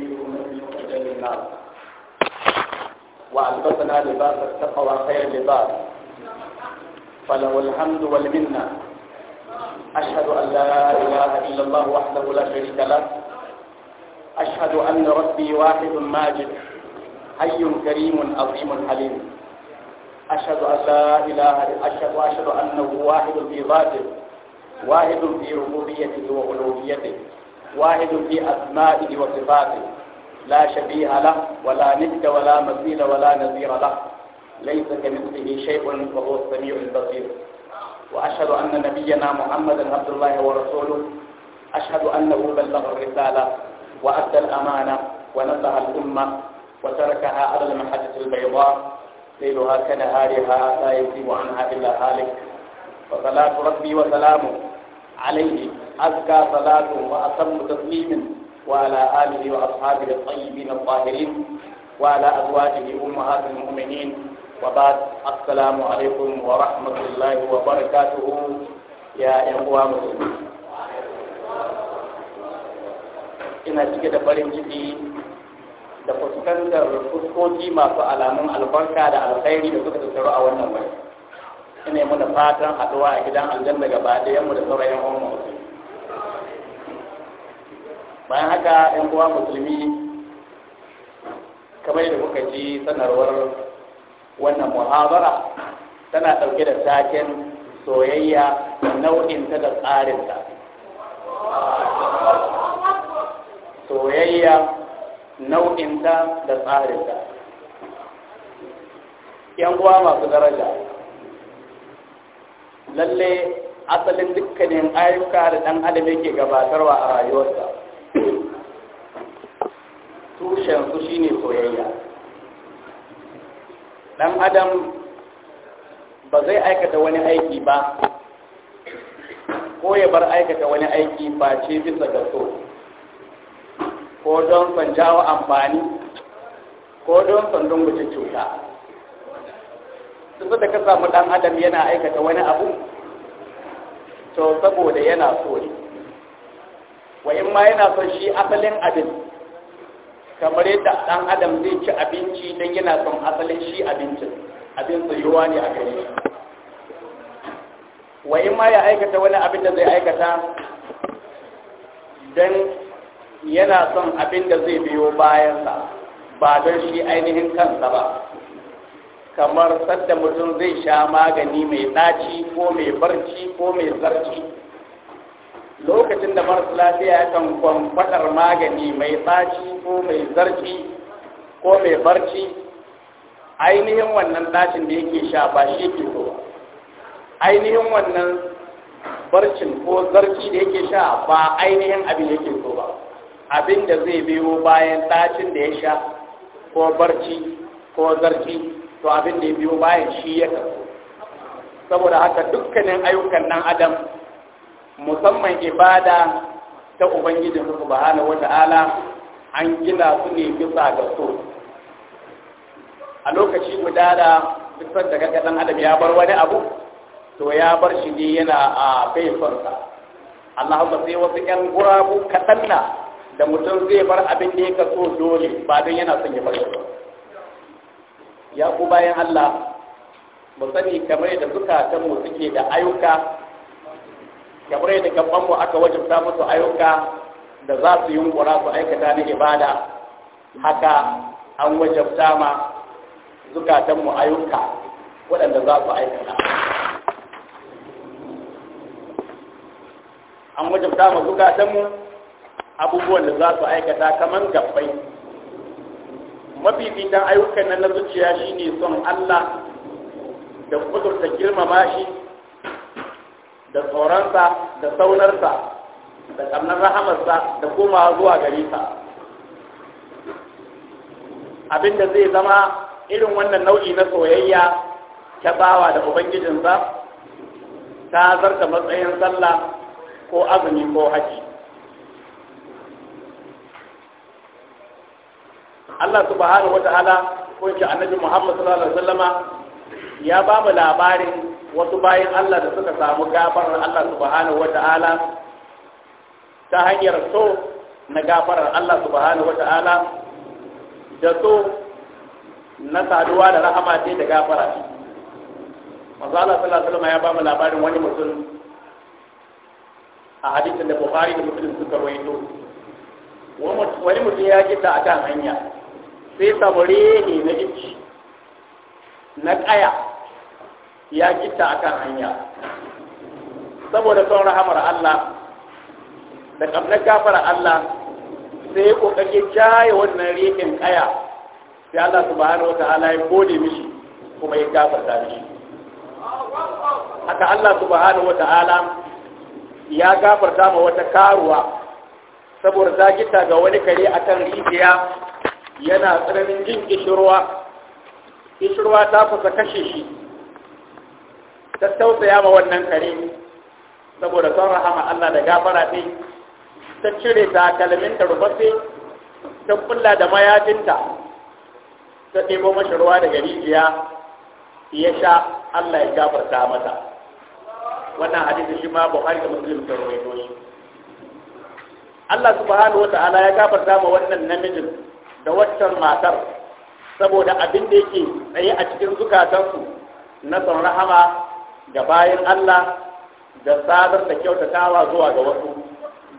يطيرون وألبسنا لباس التقوى خير لباس فله الحمد والمنة أشهد أن لا إله إلا الله وحده لا شريك له أشهد أن ربي واحد ماجد حي كريم عظيم حليم أشهد أن لا إله أشهد وأشهد أنه واحد في ذاته واحد في ربوبيته وألوهيته واحد في أسمائه وصفاته لا شبيه له ولا ند ولا مثيل ولا نظير له ليس كمثله شيء وهو السميع البصير وأشهد أن نبينا محمدا عبد الله ورسوله أشهد أنه بلغ الرسالة وأدى الأمانة ونصح الأمة وتركها على المحجة البيضاء ليلها كنهارها لا يزيب عنها إلا هالك وصلاة ربي وسلامه عليه أزكى صلاة وأتم تسليم وعلى آله وأصحابه الطيبين الطاهرين وعلى أزواجه أمهات المؤمنين وبعد السلام عليكم ورحمة الله وبركاته يا إخوة مسلمين ina cike da farin ciki da fuskantar fuskoki masu alamun albarka da alkhairi da suka tattaru a wannan wani ina muna fatan haɗuwa a gidan aljanna daga ɗayan mu da bayan haka yan uwa musulmi kamar da kuka ji sanarwar wannan muhabara tana ɗauke da taken soyayya nau'in ta da tsarinta soyayya nau'in ta da tsarinta yan uwa masu daraja lalle asalin dukkanin ayyuka da ɗan adam yake gabatarwa a rayuwarsa tushen shi ne soyayya dan adam ba zai aikata wani aiki ba ko ya bar aikata wani aiki ba ce bisa ga so ko don san jawo amfani ko don sandun dunguce cuta sun da ka samu dan adam yana aikata wani abu to saboda yana so ne wa in ma yana son shi asalin abin kamar yadda ɗan adam zai ci abinci don yana son asalin shi abincin abin tsayuwa ne a gare shi wa in ma ya aikata wani abin da zai aikata don yana son abin da zai biyo bayansa ba don shi ainihin kansa ba kamar sadda mutum zai sha magani mai ɗaci ko mai barci ko mai zarci lokacin da marasa lafiya ya kan kwamfadar magani mai tsaci ko mai zarci ko mai barci ainihin wannan tsacin da yake sha ba shi ke ba, ainihin wannan barcin ko zarci da yake sha ba ainihin abin yake so ba abin da zai biyo bayan tsacin da ya sha ko barci ko zarci to abin da ya biyo bayan shi ya kaso saboda haka dukkanin ayyukan nan adam musamman ibada ta ubangijin subhanahu ala an gina su ne bisa ga so a lokaci guda da fitar da kaga adam ya bar wani abu to ya bar shi ne yana a faifarsa Allah ba sai wasu 'yan gurabu kaɗan na da mutum zai bar abin da ya kaso dole ba don yana son ya bar shi ya ku bayan Allah mu sani kamar da mu suke da ayyuka kamar yadda gaban mu aka wajabta musu ayyuka da za su wura su aikata na ibada haka an wajabta ma zukatanmu ayyuka waɗanda za su aikata an wajabta ma zukatanmu abubuwan da za su aikata kamar gabbai mafifitan ayyukan nan na zuciya shine son Allah da kudurta girmama shi da tsoronsa da saunarsa da ƙamnar rahamarsa da komawa zuwa gare sa abinda zai zama irin wannan nau'i na soyayya ta bawa da ubangijinsa ta zarta matsayin sallah ko azumi ko haji Allah subhanahu wata'ala ko ce annabi Muhammad sallallahu alaihi wasallama ya ba mu labarin wasu bayan Allah da suka samu gafarar Allah subhanahu wata'ala ta hanyar so na gafarar Allah subhanahu wata'ala da so na saduwa da rahama ce da gafara ce manzo Allah sallallahu alaihi ya ba mu labarin wani mutum a hadisin da Bukhari da Muslim suka rawaito wani mutum ya kita akan hanya sai sabare ne na ici na kaya ya gitta kan hanya saboda son rahamar Allah da ƙamnar gafara Allah sai ya ƙoƙaƙe jaye wannan rikin ƙaya sai Allah subhanahu wata ala ya gode mishi kuma ya gafarta mishi haka Allah subhanahu wa ta'ala ya gafarta ma wata karuwa saboda ta gita ga wani kare akan rijiya yana tsananin jin kishirwa kishirwa ta kusa kashe shi ta tausaya ma wannan kare saboda son rahama Allah da gafara ne ta cire takalminta kalmin ta kulla da mayafinta ta ɗebo mashi ruwa daga rijiya ya sha Allah ya gafarta mata wannan hadisi shi ma Buhari da Muslim sun rawaito shi Allah subhanahu wata'ala ya gafarta ma wannan namijin da waccan matar saboda abin da yake tsaye a cikin zukatansu na son rahama Da bayan Allah da sadar da kyautatawa zuwa ga wasu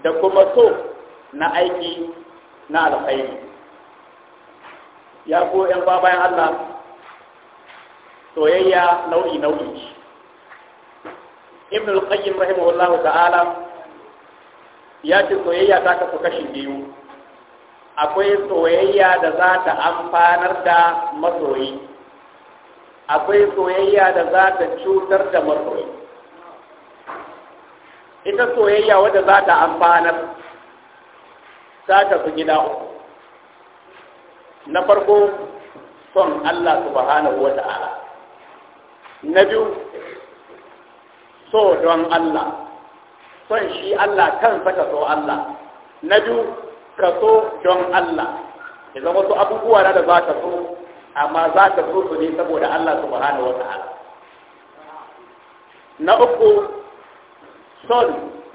da kuma so na aiki na alkhairi ya ko ‘yan bayan Allah soyayya nau'i nau'i ibn al-qayyim rahimahullahu ta'ala ya ce soyayya ta kasu kashi biyu akwai soyayya da za ta amfanar da masoyi akwai soyayya da za ta cutar da masoyi ita soyayya wadda za ta amfanar ta su gida na farko son Allah subhanahu Ala. na biyu so don Allah son shi Allah kan ka so Allah na biyu ka so don Allah ya wasu su abubuwa da za ka so amma za ka so ne saboda Allah subhanahu wa ta'ala na uku son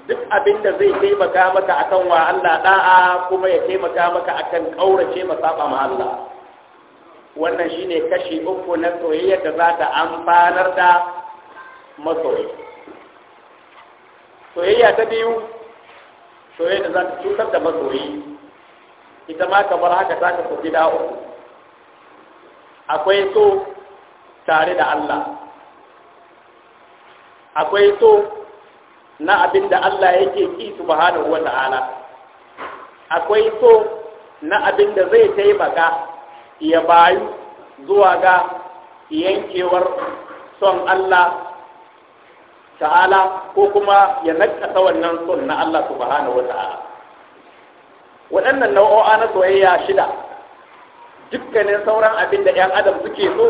duk abin da zai taimaka maka akan wa Allah da'a kuma ya taimaka maka akan kaurace masaba ma Allah wannan shine kashi uku na soyayya da za ta amfanar da masoyi soyayya ta biyu soyayya da za ta cutar da masoyi ita ma kamar haka za ka fi gida uku akwai so tare da Allah akwai so na abin da Allah yake ki subhanahu wa ta'ala akwai so na abin da zai taimaka ya bayu zuwa ga yankewar son Allah ta'ala ko kuma ya nakasa wannan son na Allah subhanahu wa ta'ala waɗannan nau'o'a na soyayya shida dukkanin sauran abin da ‘yan adam suke so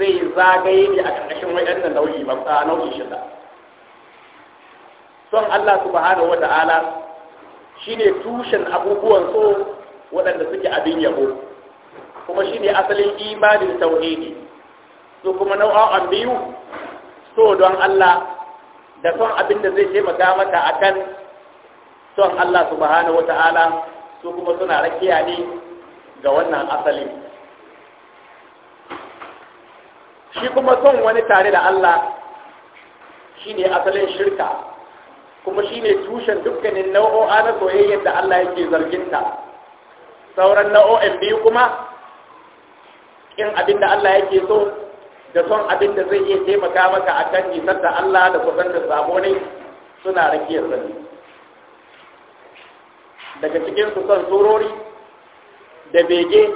zai zagaye ne a ƙarƙashin waɗannan nau'i ba a nau'in ba. son Allah subhanahu wa ta'ala shine tushen abubuwan so waɗanda suke abin yabo kuma shine asalin imanin tauhidi so kuma nau'a'an biyu so don Allah da son abin da zai taimaka mata akan son Allah subhanahu wa ta'ala so kuma suna rakiya ne ga wannan asali shi kuma son wani tare da Allah shi ne asalin shirka kuma shi ne tushen dukkanin nau'o'a na soyayyar da Allah yake zarginta sauran nau'o'in biyu kuma in abin da Allah yake so da son abin da zai iya taimaka maka a kan nisan da Allah da kusan da sabo ne suna rikiyar sani daga cikin su son surori da bege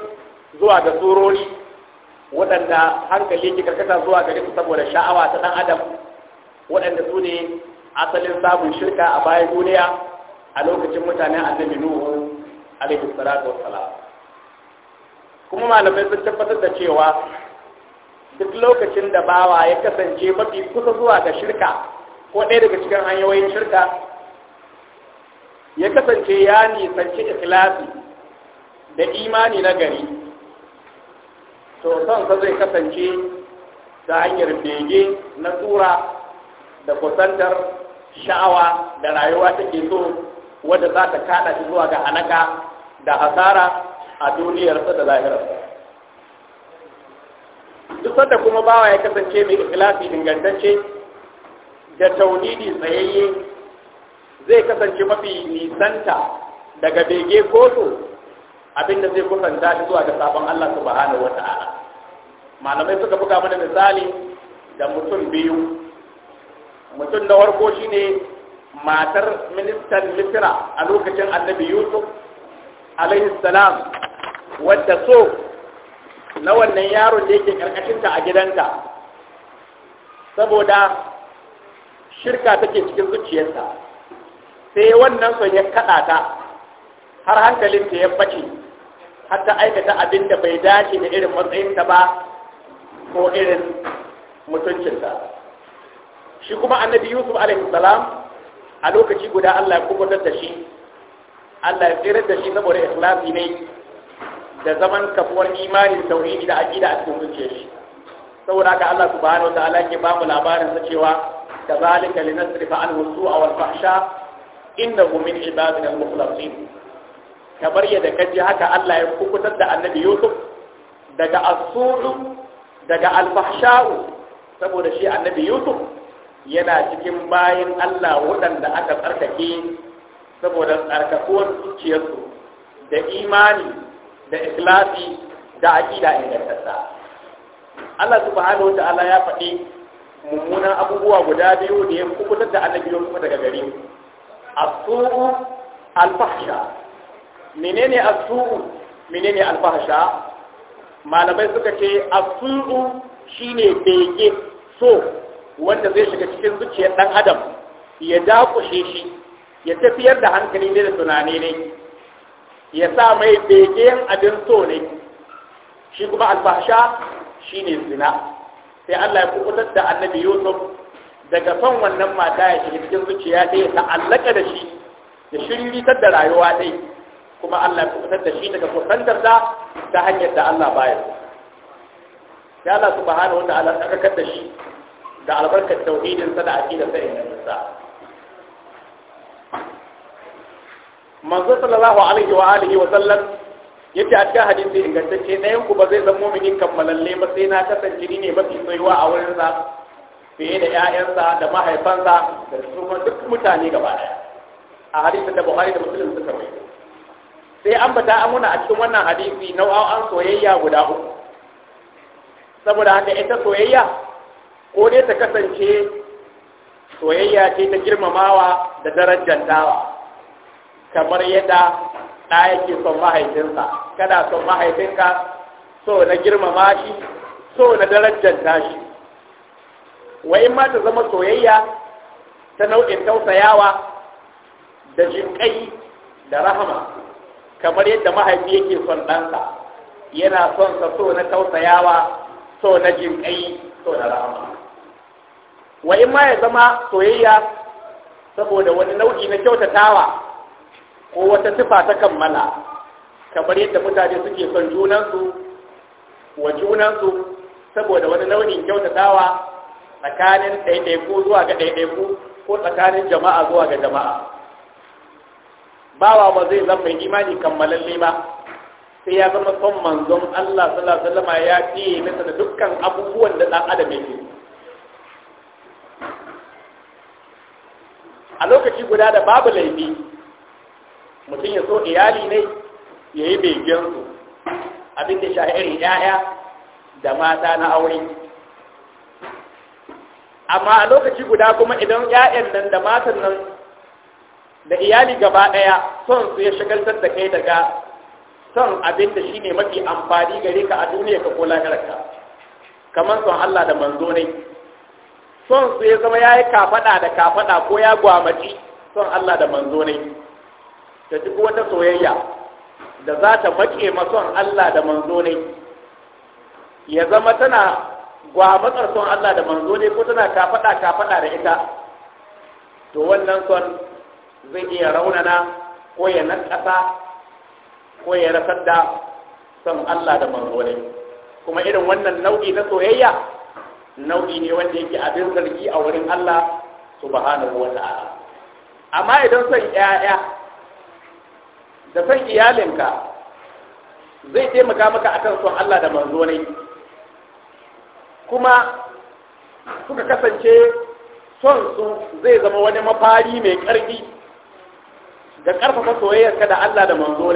zuwa ga tsorori waɗanda hankali ke karkata zuwa gare su saboda sha'awa ta ɗan adam waɗanda su ne asalin samun shirka a bayan duniya a lokacin mutanen annabi nuhu alaihi salatu wassalam kuma malamai sun tabbatar da cewa duk lokacin da bawa ya kasance mafi kusa zuwa ga shirka ko ɗaya daga cikin hanyoyin shirka ya kasance ya nisanci ikhlasi da imani na gari to son sa zai kasance ta hanyar bege na tsura da kusantar sha'awa da rayuwa take so wadda za ta kada shi zuwa ga halaka da hasara a duniyarsa da zahirarsa. duk sanda kuma bawa ya kasance mai ikhlasi ingantacce da tauhidi tsayayye zai kasance mafi nisanta daga bege ko abin da zai kusan shi zuwa ga sabon Allah subhanahu wata'ala malamai suka buga mana misali da mutum biyu mutum na warko shine matar ministan Litira a lokacin annabi yusuf alaihi salam wadda so na wannan yaron da yake karkashinta a gidanta saboda shirka take cikin zuciyarta. sai wannan son ya kaɗa ta har hankalinta ya bace Hatta aikata abin da bai dace da irin matsayinta ba ko irin mutuncinta shi kuma annabi yusuf alaihi a lokaci guda Allah ya kubutar da shi Allah ya tsirar da shi saboda ikhlasi ne da zaman kafuwar imanin tauhidi da aqida a cikin zuciyar shi saboda haka Allah subhanahu wataala ke ba labarin sa cewa da zalika linasrifa anhu su'a wal fahsha innahu min ibadina al-mukhlasin kamar yadda ji haka Allah ya kukutar da annabi Yusuf daga asudu daga alfahsha'u saboda shi annabi Yusuf yana cikin bayan Allah waɗanda aka tsarkake saboda tsarkakuwar zuciyarsu da imani da ikhlasi da aqida ingantacce Allah subhanahu ta'ala ya faɗi mummunan abubuwa guda biyu da ya kukutar da annabi Yusuf daga gare mu asuru alfahsha'u menene asu'u menene al malamai suka ce asu'u shine bege so wanda zai shiga cikin zuciyar dan adam ya dakushe shi ya tafiyar da hankali ne da tunani ne ya sa mai begen abin so ne shi kuma al shine zina sai Allah ya kubutar da annabi Yusuf daga son wannan mata ya shiga cikin zuciya ta ya ta'allaka da shi da shiriritar da rayuwa dai kuma Allah ya kusantar da shi daga kusantar da ta hanyar da Allah baya. ya Allah subhanahu wata'ala tsarkakar da shi da albarkar tauhidin sa da aqidar sa ingantacciya manzo sallallahu alaihi wa alihi wa sallam yace a cikin hadisi ingantacce ɗayan ku ba zai zama mu'minin kammalalle ba sai na kasance ni ne mafi tsayuwa a wurin sa fiye da ƴaƴansa da mahaifansa da su duk mutane gaba ɗaya a hadisin da Buhari da Muslim suka rawaito sai an bata amuna a cikin wannan hadisi nau'an soyayya guda uku saboda haka ita soyayya ko dai ta kasance soyayya ce ta girmamawa da darajantawa kamar yadda ɗa yake son mahaifinsa kada son mahaifinka so na girmama shi so na tashi. shi wa'in ma ta zama soyayya ta nau'in tausayawa da jinƙai da rahama kamar yadda mahaifi yake son ɗansa yana son sa so na tausayawa so na jinƙai so na rama. wa in ma ya zama soyayya saboda wani nau'i na kyautatawa ko wata sifa ta kammala kamar yadda mutane suke son junansu wa junansu saboda wani nau'in kyautatawa tsakanin ɗaiɗaiku zuwa ga ɗaiɗaiku ko tsakanin jama'a zuwa ga jama'a bawa ba zai zama mai imani kammalalle ba sai ya zama son manzon Allah sallallahu alaihi wasallam ya fiye masa da dukkan abubuwan da dan adam yake a lokaci guda da babu laifi mutum ya so iyali ne ya yi begen su abin da shahirin ya'ya da mata na aure amma a lokaci guda kuma idan 'ya'yan nan da matan nan da iyali gaba ɗaya son su ya shagaltar da kai daga son abin da shine mafi amfani gare ka a duniya ka ko lahirarka kamar son Allah da manzo ne son su ya zama ya yi kafaɗa da kafaɗa ko ya gwamaci son Allah da manzo ne da duk wata soyayya da za ta maƙe son Allah da manzo ne ya zama tana gwamatsar son Allah da manzo ne ko tana kafaɗa kafaɗa da ita to wannan son zai iya raunana ko ya nakasa ko ya rasar da son Allah da manzonai kuma irin wannan nau'i na soyayya nau'i ne wanda yake abin zargi a wurin Allah subhanahu wata'ala amma idan son ƴaƴa da son iyalinka zai taimaka maka akan son Allah da manzonai kuma suka kasance son su zai zama wani mafari mai ƙarfi da ƙarfafa soyayyarka da Allah da manzo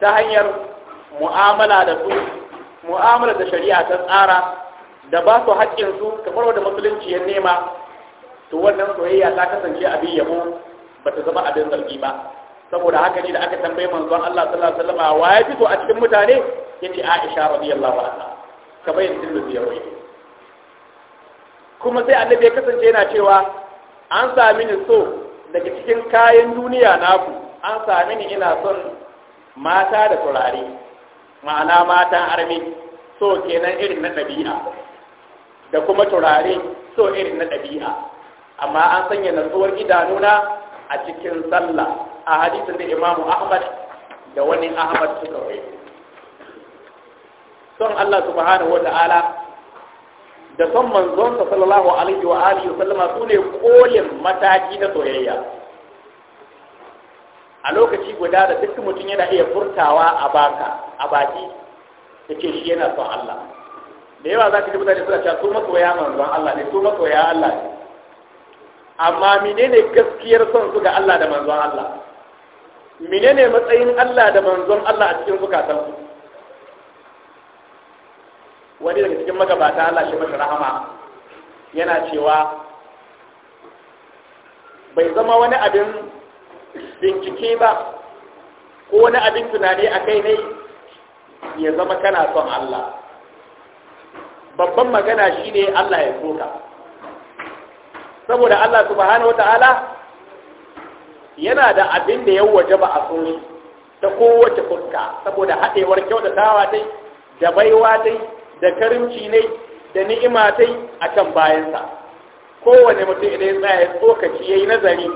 ta hanyar mu'amala da su mu'amala da shari'a ta tsara da ba su haƙƙin su kamar wanda musulunci ya nema to wannan soyayya ta kasance abin yabo ba ta zama abin zargi ba saboda haka ne da aka tambaye manzon Allah sallallahu alaihi wasallam wa ya fito a cikin mutane yace Aisha radiyallahu anha kamar yadda Tirmidhi da rawaito kuma sai annabi ya kasance yana cewa an sami ni so daga cikin kayan duniya naku an sami ni ina son mata da turare ma'ana matan armi so kenan irin na ɗabi'a da kuma turare so irin na ɗabi'a amma an sanya natsuwar idanuna a cikin sallah a hadisun da imamu ahmad da wani ahmad suka wai son allah subhanahu wa ta'ala da son manzon sa sallallahu alaihi wa alihi sallama su ne kolin mataki na soyayya a lokaci guda da duk mutum yana iya furtawa a baka a baki yace shi yana son Allah da yawa zaka ji mutane suna cewa su masoya manzon Allah ne su masoya Allah ne amma menene gaskiyar son su ga Allah da manzon Allah menene matsayin Allah da manzon Allah a cikin zukatansu wani daga cikin magabata Allah shi masa rahama yana cewa bai zama wani abin bincike ba ko wani abin tunani a kai ne ya zama kana son Allah babban magana shine Allah ya so ka saboda Allah subhanahu wataala yana da abin da ya ba a so ta kowace fuska saboda haɗewar kyautatawa dai da baiwa dai da karimci ne da ni'ima a kan bayansa kowane mutum idan ya tsaya tsokaci yi nazari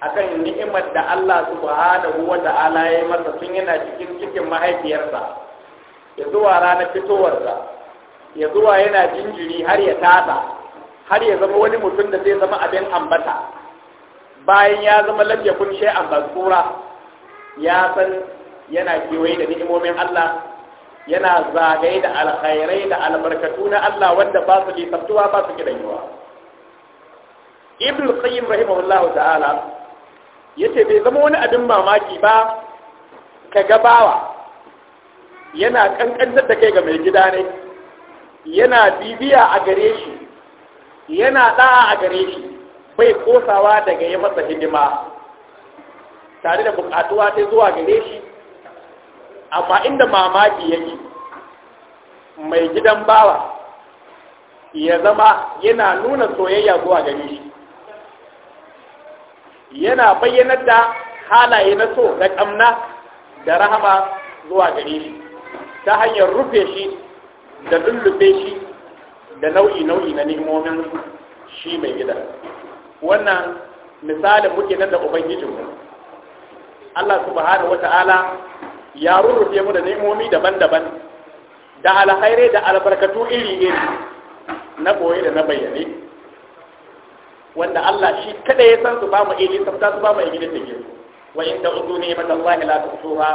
akan ni'imar da Allah su subhanahu wa Ala ya yi masa tun yana cikin cikin mahaifiyarsa ya zuwa ranar fitowarsa ya zuwa yana jinjiri har ya tasa har ya zama wani mutum da zai zama abin ambata bayan ya zama lafiya kun shay'an ambatsura ya san yana kewaye da ni'imomin Allah yana zagaye da alkhairai da albarkatu na Allah wanda ba su lisaftuwa ba su gidanyewa ibn qayyim rahimahullah ta'ala yace bai zama wani abin mamaki ba ka gabawa yana kankantar da kai ga mai gida ne yana bibiya a gare shi yana da'a a gare shi bai kosawa daga yi masa hidima tare da bukatuwa ta zuwa gare shi amma inda mamaki yake mai gidan bawa ya zama yana nuna soyayya zuwa gare shi yana bayyanar da halaye na so da kamna da rahama zuwa gare shi ta hanyar rufe shi da lullube shi da nau'i-nau'i na nemomin shi mai gida wannan misalin muke nan da ubangijinmu Allah subhanahu Ta'ala. ya rurrufe mu da ni'imomi daban-daban da alkhairai da albarkatu iri-iri na boye da na bayyane wanda Allah shi kada ya san su ba mu ili ta su ba mu da take wa in ta uzu ne mata Allah la tusuha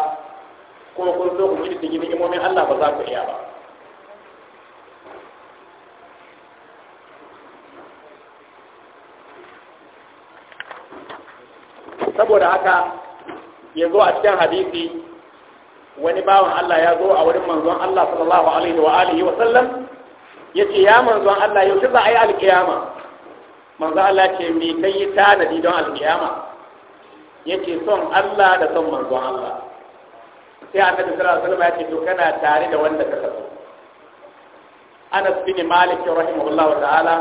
ko kun so ku ili take ni'imomin Allah ba za ku iya ba saboda haka yanzu a cikin hadisi wani bawan Allah ya zo a wurin manzon Allah sallallahu alaihi wa alihi wa sallam yace ya manzon Allah yau za a yi alkiyama manzon Allah ce me kai yi tanadi don alkiyama yace son Allah da son manzon Allah sai annabi sallallahu alaihi wa sallam ya ce to kana tare da wanda ka so Anas bin Malik rahimahullahu ta'ala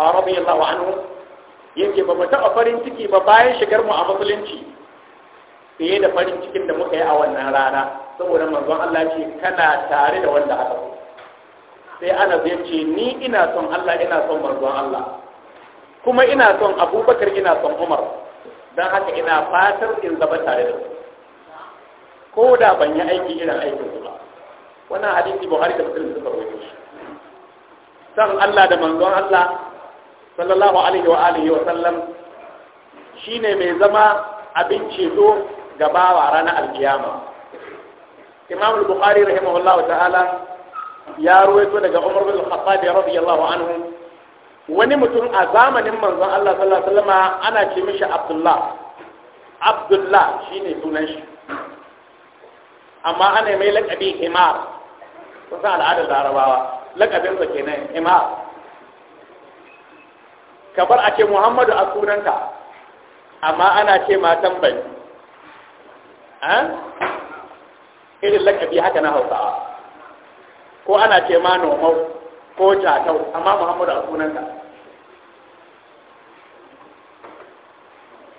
radiyallahu anhu yake ba mu taɓa farin ciki ba bayan shigar mu a musulunci fiye da farin cikin da muka yi a wannan rana saboda manzon Allah ce kana tare da wanda aka so sai ana zai ce ni ina son Allah ina son manzon Allah kuma ina son Abubakar ina son Umar dan haka ina fatar in zaba tare da su ko da ban yi aiki irin aikin su ba wannan hadisi Buhari da Muslim suka rawaito shi san Allah da manzon Allah sallallahu alaihi wa alihi wa sallam shine mai zama abin ceto gabawa ranar alkiyama imam al-bukhari rahimahullahu ta'ala ya ruwaito daga umar bin al-khattab radiyallahu anhu wani mutum a zamanin manzon Allah sallallahu alaihi wasallam ana ce mishi Abdullah Abdullah shine sunan shi amma ana mai lakabi Imar. Kusan al'adar larabawa lakabin sa kenan himar kabar a ce Muhammadu a sunanta. amma ana ce ma tambayi Eh? irin lakabi haka na hausawa ko ana ce ma nomau ko jatau amma muhammadu a sunanta.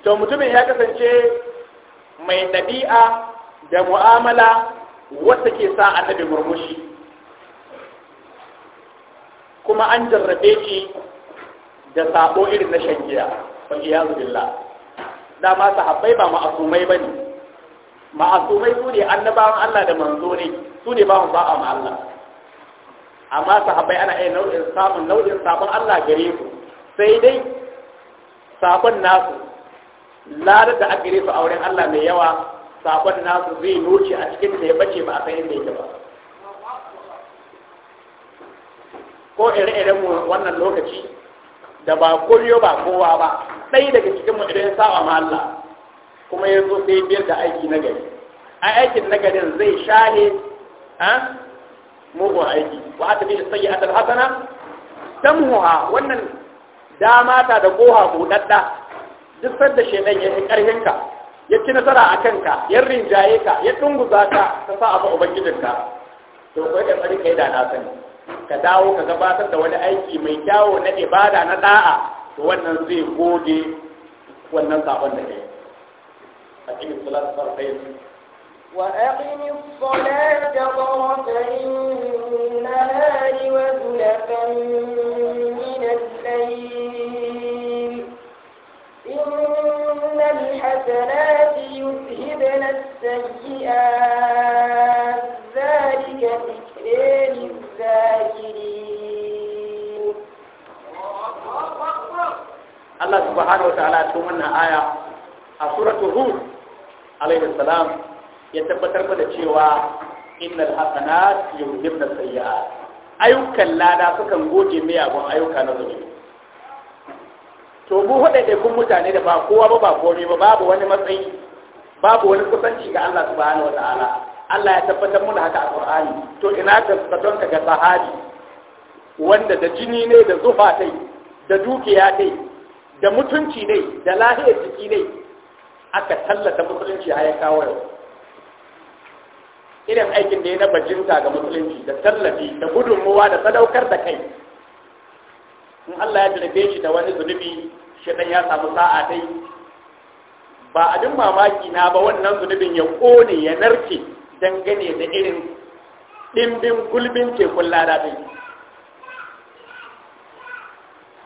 to mutumin ya kasance mai ɗabi'a da mu'amala wata ke sa tabi murmushi kuma an jarrabe shi da sabo irin na shan giya wa iyazu billah dama sahabbai ba ma'asumai bane ma'asumai su ne annabawan Allah da manzo ne su ne ba mu ba a ma Allah amma sahabbai ana iya nau'in samun nau'in sabon Allah gare su sai dai sabon nasu ladar da aka su a wurin Allah mai yawa sabon nasu zai noce a cikin da ya bace ba a san inda yake ba ko ire-iren mu wannan lokaci da ba kuriyo ba kowa ba ɗaya daga cikin mu idan ya sa ma Allah kuma ya zo sai biyar da aiki na gari a aikin na garin zai shahe a mugun aiki wa ta bi sai atal hasana tamhuha wannan dama ta da koha budadda duk sanda shedan ya karhin ka ya ci nasara a kanka ya rinjaye ka ya dunguza ka ta sa abu ka to ko da bari kai da na sani ka dawo ka gabatar da wani aiki mai kyawo na ibada na da'a to wannan zai goge wannan sabon da kai أقيم الصلاة طرفين وأقم الصلاة طرفي النهار وزلفا من الليل إن الحسنات يذهبن السيئات ذلك ذكر للذاكرين الله سبحانه وتعالى تمنى آية سورة الروح alaihi salam ya tabbatar da cewa innal hasanat yuzibna sayyi'at ayyukan lada sukan goge mai abun ayyuka na zunubi to mu kun mutane da ba kowa ba ba komai ba babu wani matsayi babu wani kusanci ga Allah subhanahu wataala Allah ya tabbatar mu haka a Qur'ani to ina ka ka ga sahabi wanda da jini ne da zufa tai da dukiya tai da mutunci ne da lahiyar jiki ne aka tallata musulunci a ya kawo yau irin aikin da ya na bajinta ga musulunci da tallafi da gudunmuwa da sadaukar da kai in Allah ya jirage shi da wani zunubi shidan ya samu sa'a dai ba abin mamaki na ba wannan zunubin ya ƙone ya narke dangane da irin ɗimbin gulbin tekun lada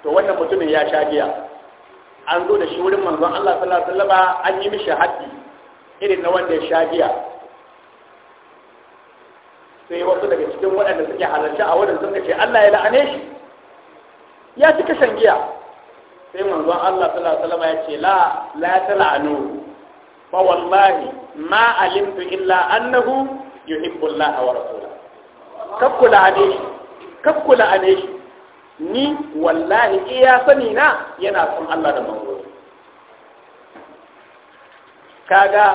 to wannan mutumin ya sha giya an zo da shi wurin manzon Allah sallallahu alaihi wasallam an yi mishi haddi irin na wanda ya sha giya sai wasu daga cikin waɗanda suke halarci a wurin sun ce Allah ya la'ane shi ya ci kashan giya sai manzon Allah sallallahu alaihi wasallam ya ce la la tal'anu fa wallahi ma alimtu illa annahu yuhibbu Allah wa rasulahu kakkula ane shi kakkula ane shi ni wallahi iya sani na yana son Allah da manzo kaga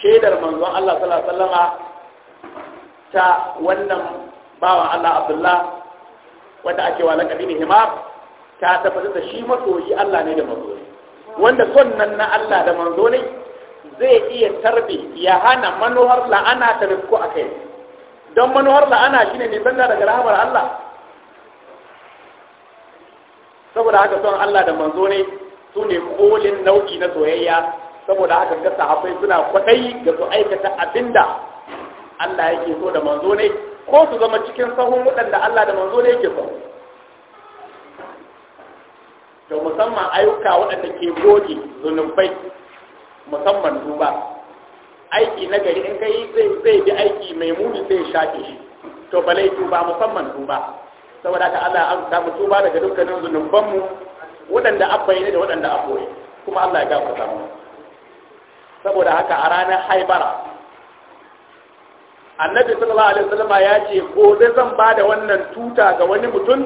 shaidar manzon Allah sallallahu alaihi wasallama ta wannan bawa Allah Abdullah wanda ake wa lakabi ne himar ta tafi da shi matoyi Allah ne da manzo wanda son nan na Allah da manzo ne zai iya tarbi ya hana manuhar la'ana ta rifko a don manuhar la'ana shine ne banda daga rahamar Allah saboda haka son Allah da manzo ne su ne kolin nau'i na soyayya saboda haka ga sahabbai suna kwaɗayi ga su aikata abinda Allah yake so da manzo ne ko su zama cikin sahun waɗanda Allah da manzo ne yake so to musamman ayyuka waɗanda ke goge zunubai musamman duba aiki na gari in kai zai bi aiki mai muni zai shafe shi to balai duba musamman duba saboda haka Allah ya amsa mu tuba daga dukkanin zunuban mu waɗanda abbaye da waɗanda aboye kuma Allah ya gafarta mu saboda haka a ranar haibara annabi sallallahu alaihi wasallam ya ce ko zai zan ba da wannan tuta ga wani mutum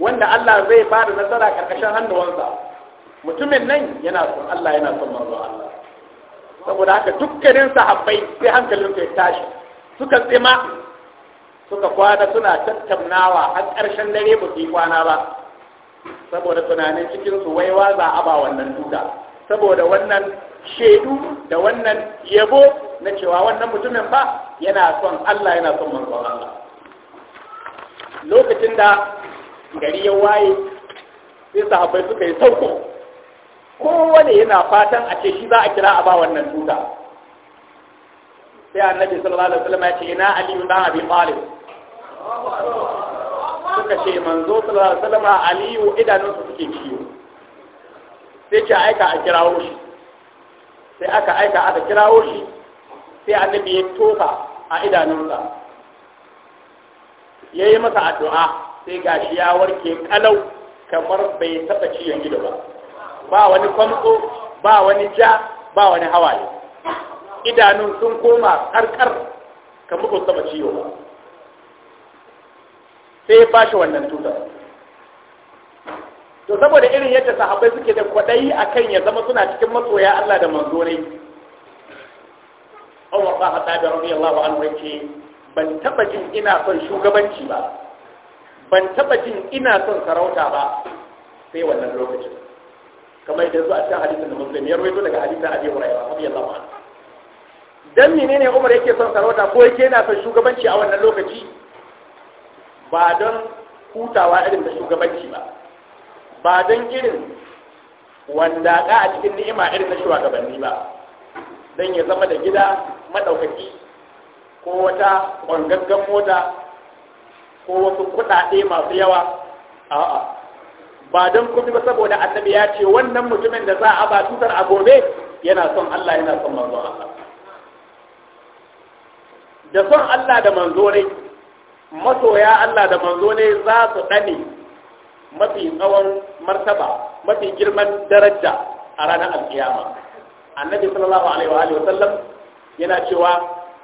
wanda Allah zai ba da nasara karkashin hannuwansa mutumin nan yana son Allah yana son manzo Allah saboda haka dukkanin sahabbai sai hankalinsu ya tashi suka tsima suka kwana suna tattaunawa har ƙarshen dare ba su yi kwana ba saboda tunanin cikin su waiwa za a ba wannan duka saboda wannan shaidu da wannan yabo na cewa wannan mutumin ba yana son Allah yana son manzon Allah lokacin da gari ya waye sai sahabbai suka yi sauko kowane yana fatan a ce shi za a kira a ba wannan duka sai annabi sallallahu alaihi wasallam ya ce ina aliyu ibn abi talib suka ce manzo sallallahu alaihi aliyu idanunsa suke ciwo sai ce aika a kirawo shi sai aka aika aka kirawo shi sai annabi ya toka a idanunsa ya yi masa addu'a sai gashi ya warke kalau kamar bai taɓa ciyon gida ba ba wani kwamso ba wani ja ba wani hawaye idanun sun koma karkar kamar ba taɓa ciwo ba sai ya ba shi wannan tutar to saboda irin yadda sahabbai suke da kwaɗayi a kan ya zama suna cikin masoya Allah da manzoni ne Umar ba hata da rabi Allah wa anhu ban taba jin ina son shugabanci ba ban taba jin ina son sarauta ba sai wannan lokacin kamar yadda zuwa cikin hadisin da Muslim ya rawaito daga hadisin Abi Hurairah wa anhu dan menene Umar yake son sarauta ko yake yana son shugabanci a wannan lokaci ba don hutawa irin da shugabanci ba ba don irin wanda ka a cikin ni'ima irin na shugabanni ba don ya zama da gida maɗaukaki ko wata ƙwangaggan mota ko wasu kuɗaɗe masu yawa a'a ba don kuma ba saboda annabi ya ce wannan mutumin da za a ba tutar a gobe yana son Allah yana son manzo Allah da son Allah da manzo ne masoya Allah da manzo ne za su ɗane mafi tsawon martaba mafi girman daraja a ranar alkiyama annabi sallallahu alaihi wa sallam yana cewa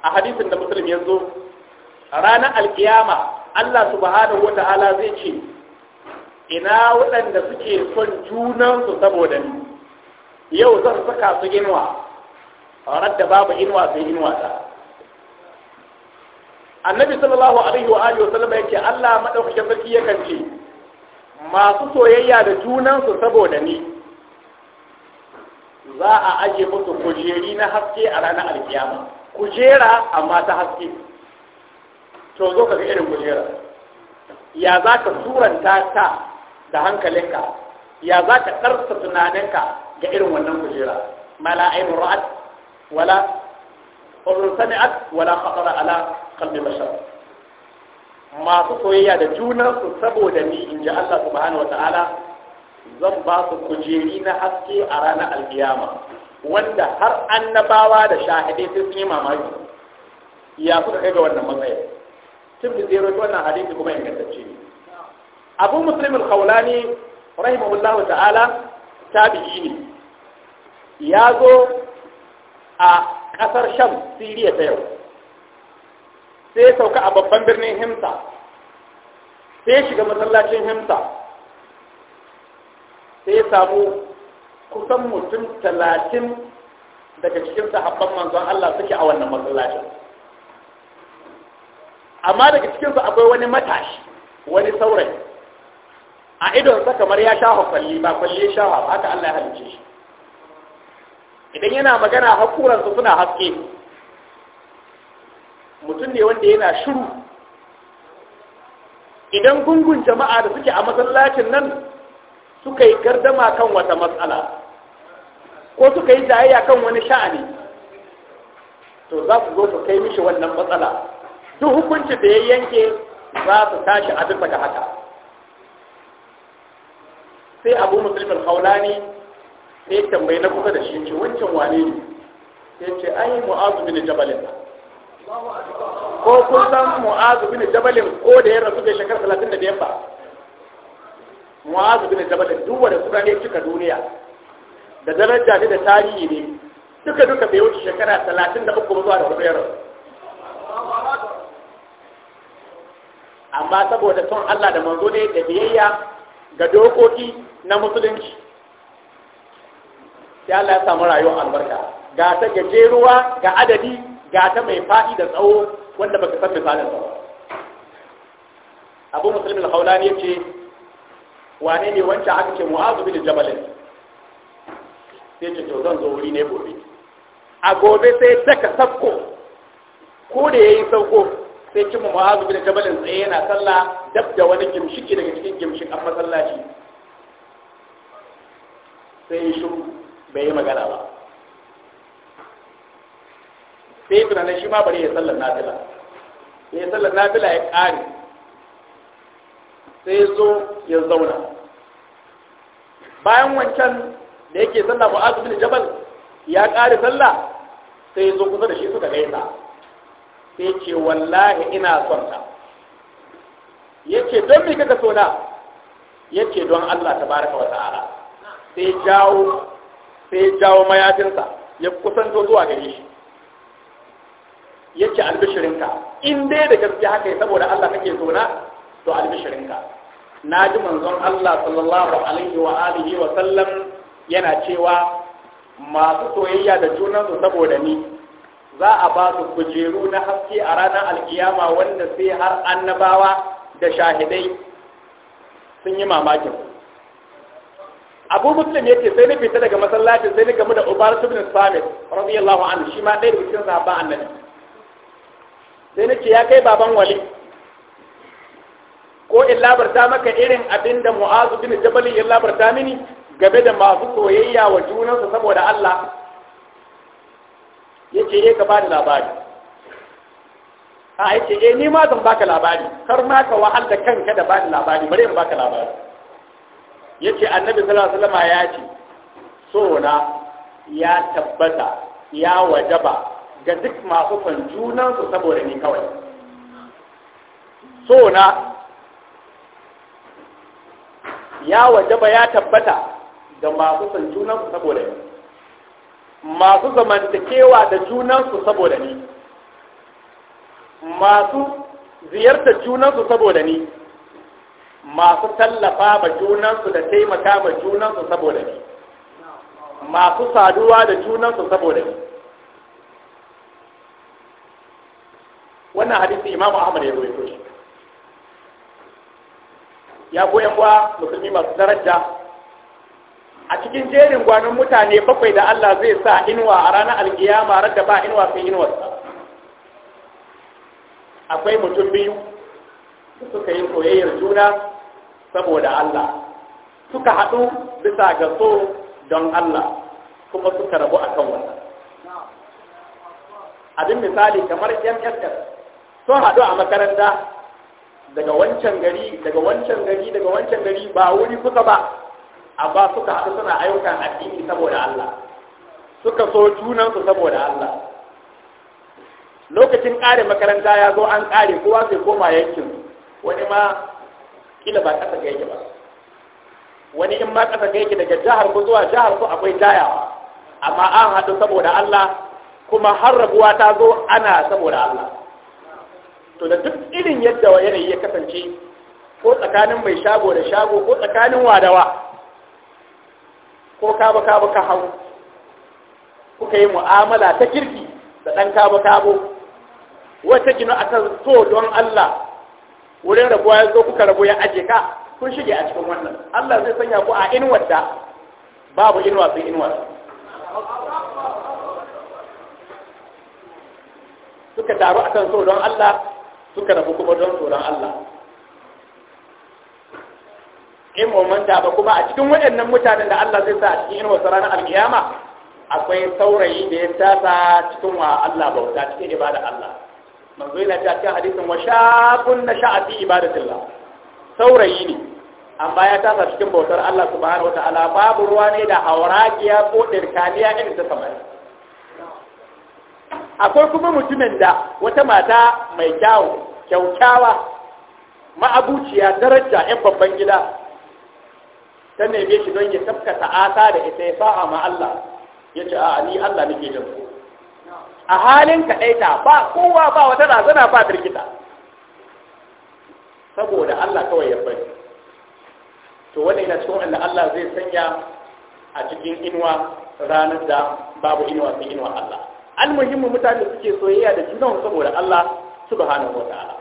a hadisin da musulmi yanzu ranar alkiyama Allah subhanahu wa ta'ala zai ce ina waɗanda suke son junansu saboda ni yau zan saka su inuwa a da babu inuwa sai inuwa ta annabi sallallahu alaihi wa alihi wasallam yake Allah madaukakin sarki yakan ce masu soyayya da junansu saboda ni za a aje musu kujeri na haske a ranar alkiyama kujera amma ta haske to zo ka ga irin kujera ya za ka suranta ta da hankalinka ya za ka ɗarsa tunaninka ga irin wannan kujera mala ainu ra'at wala ƙurrun sami'at wala khatara ala qalbi bashar masu soyayya da junansu saboda ni in ji Allah subhanahu wa ta'ala zan ba su kujeri na haske a ranar alkiyama wanda har annabawa da shahidai sai sun yi mamaki ya kuka kai ga wannan matsayin tibbi zai ta wannan hadisi kuma ingantacce ne abu muslim al-khawlani rahimahullahu ta'ala tabi'i ne ya zo a kasar sham siriya ta yau sai sauka a babban birnin himsa sai shiga masallacin himsa sai ya samu kusan mutum talatin daga cikin sahabban manzon Allah suke a wannan masallacin amma daga cikinsu akwai wani matashi wani saurayi a idonsa kamar ya sha kwalli ba kwalli ya sha haka Allah ya halice shi idan yana magana hakuransu suna haske mutum ne wanda yana shiru idan gungun jama'a da suke a matsalacin nan suka yi gardama kan wata matsala ko suka yi jayayya kan wani sha'ani to za su zo su kai mishi wannan matsala duk hukuncin da ya yanke za su tashi a bisa ga haka sai abu musulmin haulani sai tambayi na kusa da shi ce wancan wane ne sai ce an yi mu'azu bin jabalin ko kun san mu'azu bin jabalin ko da ya rasu da shekara talatin da biyar ba mu'azu bin jabalin duk wanda suka ne cika duniya da daraja ne da tarihi ne duka duka bai wuce shekara talatin da uku zuwa da hudu amma saboda son Allah da manzo ne da biyayya ga dokoki na musulunci sai Allah ya samu rayuwar albarka ga ta gajeruwa ga adadi ga ta mai faɗi da tsawo wanda baka san misalin ba abu musulmi al-haulani ce, wane ne wancan aka ce mu'azu bin jabal sai ce to zan zo ne gobe a gobe sai daka sabko, ko da yayi sauko sai cimma mu'azu bin jabal tsaye yana sallah dab da wani gimshiki daga cikin gimshik an masallaci sai shi bai yi magana ba sai ya tunanin shi ma bari ya sallar nafila sai ya sallar nafila ya ƙare sai zo ya zauna bayan wancan da yake sallah ba bin jabal ya ƙare sallah sai zo kusa da shi suka gaisa sai ce wallahi ina son ka ce don me kaka so na ce don Allah ta baraka wa ta'ala sai jawo sai jawo mayatinsa ya kusanto zuwa gare shi yake albishirinka in dai da gaske haka yi saboda Allah kake zona to albishirinka na ji manzon Allah sallallahu alaihi wa alihi wa sallam yana cewa masu soyayya da junansu saboda ni za a ba su kujeru na haske a ranar alkiyama wanda sai har annabawa da shahidai sun yi mamakin abu muslim yake sai na fita daga masallacin sai na gamu da ubar subin samit yallahu anhu shi ma ɗaya da cikin sahabban annabi sai nake ya kai baban wali ko in labarta maka irin abin da mu'azu bin jabal in labarta mini game da masu soyayya wa junansu saboda Allah yace eh ka ba da labari a yace eh ni ma zan baka labari kar ma ka wahal da kanka da ba da labari bari in baka labari yace annabi sallallahu alaihi wasallam ya ce so na ya tabbata ya wajaba ga duk masu son junansu saboda ni kawai so na ya wajaba ya tabbata ga masu son junansu saboda ni masu zamantakewa da junansu saboda ni masu ziyartar junansu saboda ni masu tallafa ma junansu da taimaka ma junansu saboda ni masu saduwa da junansu saboda ni wannan hadisi imamu ahmad ya rawaito shi ya koyan wa musulmi masu daraja a cikin jerin gwanon mutane bakwai da Allah zai sa inuwa a ranar alkiyama radda ba inuwa sai inuwar akwai mutum biyu da suka yi soyayyar juna saboda Allah suka haɗu bisa ga so don Allah kuma suka rabu akan wannan abin misali kamar yan yaskar sun haɗu a makaranta daga wancan gari daga wancan gari daga wancan gari ba wuri kusa ba amma suka haɗu suna ayyukan addini saboda Allah suka so junansu saboda Allah lokacin ƙare makaranta ya zo an ƙare kowa zai koma yankin wani ma kila ba ƙasa ga yake ba wani in ma ƙasa ga yake daga jihar ku zuwa jihar ku akwai jayawa amma an haɗu saboda Allah kuma har rabuwa ta zo ana saboda Allah to da duk irin yadda wa yanayi ya kasance ko tsakanin mai shago da shago ko tsakanin wadawa ko kaba-kaba ka hau kuka yi mu'amala ta kirki da ɗan kaba-kabo wata gina akan so don Allah wurin rabuwa ya zo kuka rabu ya aje ka kun shige a cikin wannan Allah zai sanya ku a inuwar da babu inuwa sun inuwar suka taru akan so don Allah suka rabu kuma don tsoron Allah in manta ba kuma a cikin waɗannan mutanen da Allah zai sa a cikin wasu ranar alkiyama akwai saurayi da ya tasa cikin wa Allah bauta cikin ibada Allah manzo yana ta cikin hadisin wa na nasha'a fi ibadatillah saurayi ne amma ya tasa cikin bautar Allah subhanahu ta'ala babu ruwa ne da hauragiya ko ɗirkaniya irin ta samari akwai kuma mutumin da wata mata mai kyawu kyaukyawa ma'abuciya daraja yan babban gida ta neme shi don ya tafka ta'ata da ita ya sa'a ma Allah ya ce a ni Allah nake da ku a halin kaɗaita ba kowa ba wata razana ba birkita saboda Allah kawai ya bari to wani yana cikin wanda Allah zai sanya a cikin inuwa ranar da babu inuwa sai inuwa Allah almuhimmu mutane suke soyayya da junan saboda Allah subhanahu wataala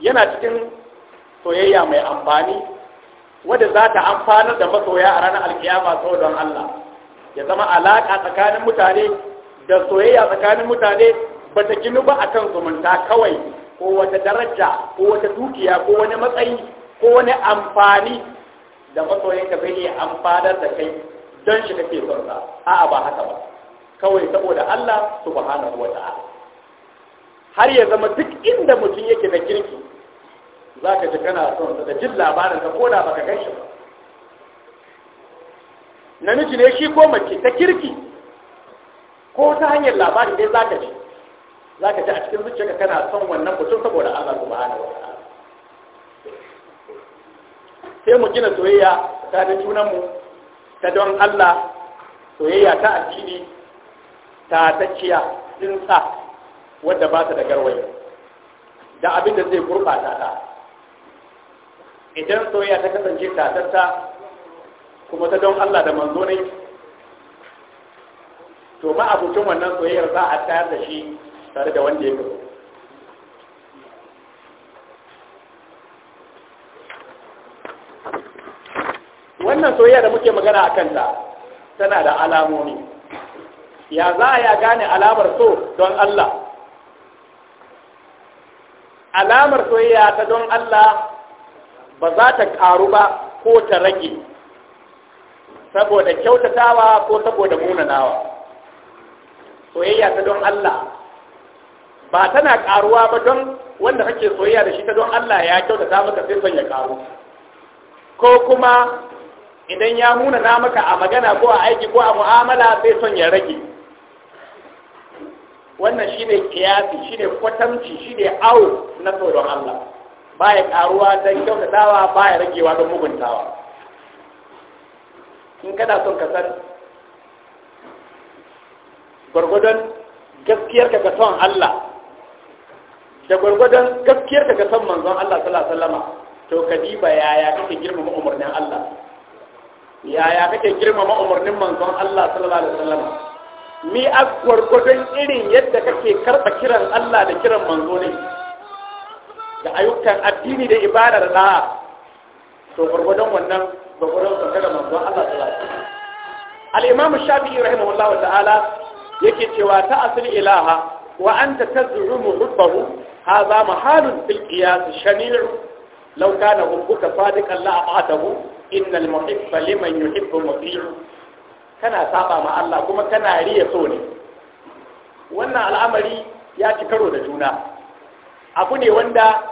yana cikin soyayya mai amfani wadda za ta amfanar da masoya a ranar alkiyama saboda Allah ya zama alaƙa tsakanin mutane da soyayya tsakanin mutane ba ta ginu ba a kan zumunta kawai ko wata daraja ko wata dukiya ko wani matsayi ko wani amfani da masoyinka zai iya amfanar da kai don shi kake son sa a'a ba haka ba kawai saboda Allah subhanahu wa ta'ala har ya zama duk inda mutum yake da kirki zaka ji kana son sa da jin labarin ka koda baka kai shi ba namiji ne shi ko mace ta kirki ko ta hanyar labari dai zaka ji zaka ji a cikin zuciyarka kana son wannan mutum saboda Allah subhanahu wa ta'ala sai mu gina soyayya da junanmu ta don Allah soyayya ta addini ta tacciya tsinsa wadda ba ta da garwai da abin da zai gurɓata ta idan soyayya ta kasance tatarta kuma ta don Allah da manzo ne to ma abokin wannan soyayyar za a tayar da shi tare da wanda ya gudu wannan soyayya da muke magana a kanta tana da alamomi ya za a ya gane alamar so don Allah alamar soyayya ta don Allah ba za ta karu ba ko ta rage saboda kyautatawa ko saboda munanawa soyayya ta don Allah ba tana karuwa ba don wanda kake soyayya da shi ta don Allah ya kyautata maka sai son ya karu ko kuma idan ya muna na maka a magana ko a aiki ko a mu'amala sai son ya rage wannan shi ne kiyasi shi ne kwatamci shi ne awo na tsoron Allah ba ya karuwa don dawa ba ya ragewa don muguntawa in kada son ka san gwargwadon gaskiyar ka ga son Allah da gwargwadon gaskiyar ka ga son manzon Allah sallallahu alaihi wasallama to ka diba yaya kake girmama umarnin Allah yaya kake girmama umarnin manzon Allah sallallahu alaihi wasallam mi akwar gudun irin yadda kake karba kiran Allah da kiran manzo ne da ayyukan addini da ibadar da da'a to gurgudun wannan gurgudun ka kada manzon Allah sallallahu alaihi wasallam al-imam shafi'i rahimahullah ta'ala yake cewa ta asli ilaha wa anta tazrumu hubbahu hadha mahalun fil qiyas shani' law kana hubbuka sadiqan la a'atahu innal muhibba liman yuhibbu muti'u kana saba ma Allah kuma kana riya so ne wannan al'amari ya ci karo da juna abu ne wanda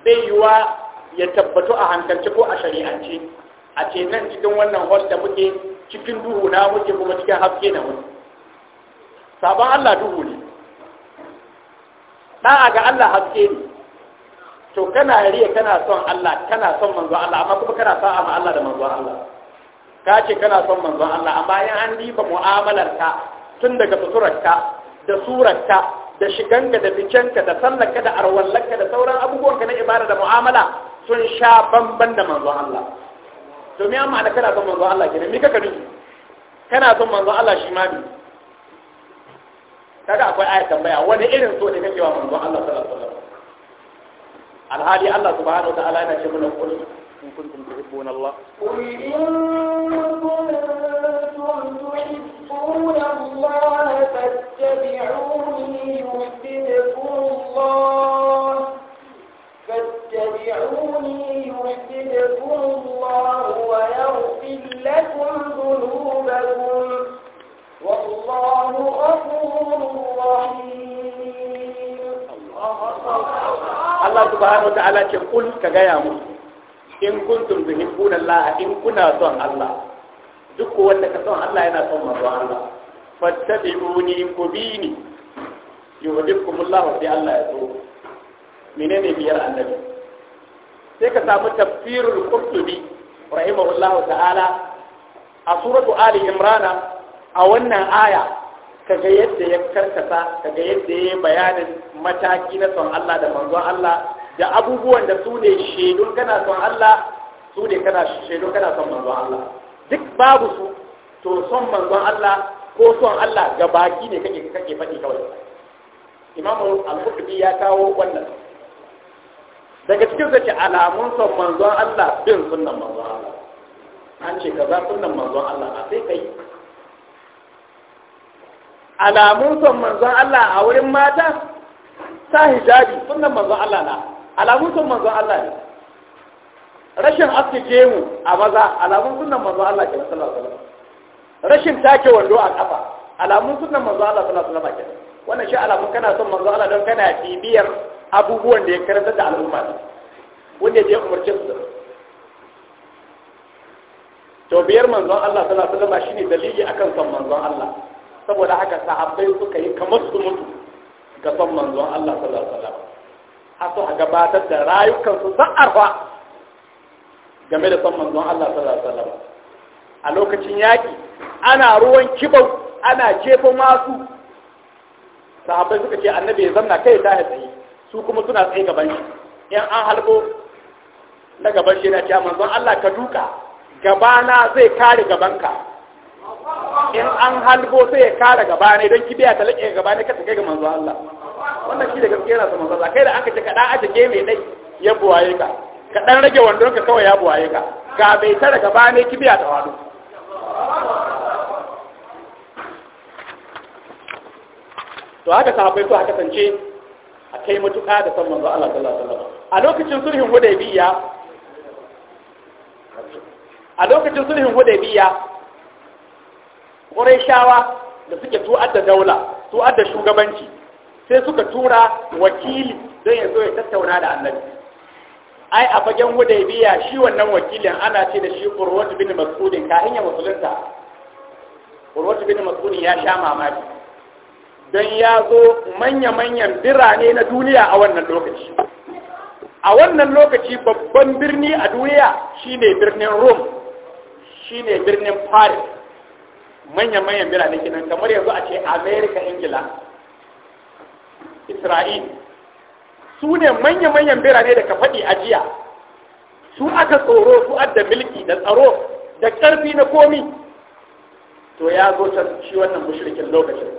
bai yiwa ya tabbatu a hankalci ko a shari'ance a ce nan cikin wannan hol da muke cikin duhu na muke kuma cikin haske na muke sabon Allah duhu ne a ga Allah haske ne to kana riya kana son Allah kana son manzo Allah amma kuma kana sa'a ma Allah da manzo Allah ka ce kana son manzo Allah amma in an diba ka tun daga ka, da surar ka, da shiganka da ka, da sallar ka, da ka, da sauran abubuwanka na ibada da mu'amala sun sha bamban da manzo Allah to me amma da kana son manzo Allah kenan me kaka nufi kana son manzo Allah shi ma ne kaga akwai ayatan baya wani irin so da kake wa manzo Allah sallallahu alaihi wasallam الهادي الله سبحانه وتعالى أنا شبنا إن كنتم تحبون الله قل إن كنتم تحبون الله فاتبعوني يحببكم الله ويغفر لكم ذنوبكم والله غفور رحيم الله الله Allah subhanahu wata'ala ce kul ka gaya mu in kuntum tuhibbuna Allah in kuna son Allah duk wanda ka son Allah yana son manzo Allah fattabi'uni ku bini yuhibbukumullahu sai Allah ya so menene biyar annabi sai ka samu tafsirul qurtubi rahimahullahu ta'ala a suratu ali imrana a wannan aya kaga yadda ya karkasa kaga yadda ya yi bayanin mataki na son Allah da manzon Allah da abubuwan da su ne shaidun kana son Allah su ne kana shaidun kana son manzon Allah duk babu su to son manzon Allah ko son Allah ga baki ne kake kake faɗi kawai Imam Al-Qurtubi ya kawo wannan daga cikin sace alamun son manzon Allah bin sunnan manzon Allah an ce kaza sunnan manzon Allah a sai kai alamun son manzon Allah a wurin mata ta hijabi sunan manzon Allah na alamun son manzon Allah ne rashin aske gemu a maza alamun sunan manzon Allah ke sallallahu alaihi wasallam rashin take wando a kafa alamun sunan manzon Allah sallallahu alaihi wasallam ke wannan shi alamun kana son manzon Allah don kana bibiyar abubuwan da ya karanta da al'umma wanda ya umarce su to biyar manzon Allah sallallahu alaihi wasallam shine dalili akan son manzon Allah saboda haka sahabbai suka yi kamar su mutu ga son manzon Allah sallallahu alaihi wasallam har su gabatar da rayukan su san arfa game da son manzon Allah sallallahu alaihi wasallam a lokacin yaki ana ruwan kibau ana jefa masu sahabbai suka ce annabi ya zanna kai ta tsaye su kuma suna tsaye gaban shi in an halbo na gaban shi na ce manzon Allah ka duka gabana zai kare gabanka in an halbo sai ya kara gaba ne don kibiya ta laƙe gaba ne kasa kai ga manzo Allah wannan shi da gaskiya na manzo Allah kai da aka ce ka a aje mai dai ya buwaye ka ka dan rage wandon ka kawai ya buwaye ka ga bai tara gaba ne kibiya ta wado to haka sahabbai to haka tance a kai mutuka da san manzo Allah sallallahu alaihi wasallam a lokacin sulhin Hudaybiya a lokacin sulhun Hudaybiya shawa da suke tuwar da daula tuwar da shugabanci sai suka tura wakili don ya zo ya tattauna da annabi ai a fagen biya shi wannan wakilin ana ce da shi qurwat bin mas'udin ka ya musulunta qurwat bin mas'udin ya sha mamaki don ya zo manya-manyan birane na duniya a wannan lokaci a wannan lokaci babban birni a duniya shine birnin rome shine birnin paris manyan-manyan birane kenan kamar yanzu a ce america ingila isra'il su ne manyan-manyan birane da ka faɗi a jiya su aka tsoro su adda milki da tsaro da ƙarfi na komi to ya zo can shi wannan mushrikin lokacin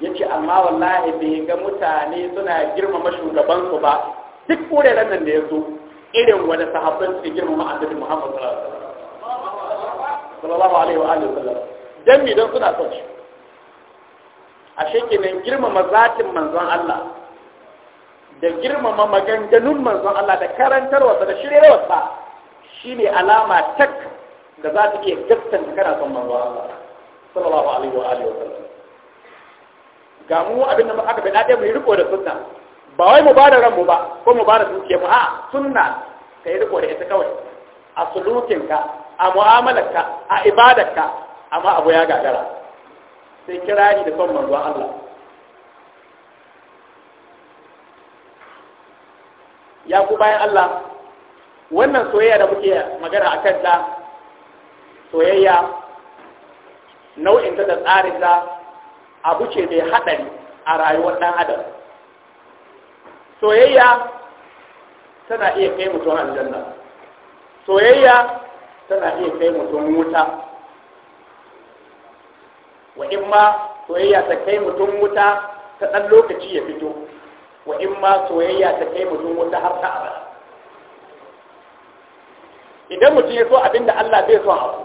ya ce amma wallahi bai ga mutane suna girmama shugabansu ba duk kore nan da ya zo irin wani sahabban su girmama annabi muhammad sallallahu alaihi wa sallam dan me dan suna son shi a ashe nan girmama zatin manzon Allah da girmama maganganun manzon Allah da karantarwarsa da shiryarwarsa shi ne alama tak da za ta iya gaskanta kana son manzon Allah sallallahu alaihi wa alihi wa sallam ga mu abin da aka faɗa dai mu riko da sunna ba wai mu bada ranmu ba ko mu bada dukiyar mu a sunna kai riko da ita kawai a sulukinka a mu'amalarka a ibadarka amma abu ya gagara sai kirari da son manzon Allah ya ku bayan Allah wannan soyayya da muke magana a kan ta, soyayya nau'in ta da tsarin ta abu ce mai haɗari a rayuwar ɗan adam soyayya tana iya kai mutum aljanna soyayya tana iya kai mutum wuta wa in ma soyayya ta kai mutum wuta ta ɗan lokaci ya fito wa in ma soyayya ta kai mutum wuta har ta abada idan mutum ya so abin da Allah bai so haku,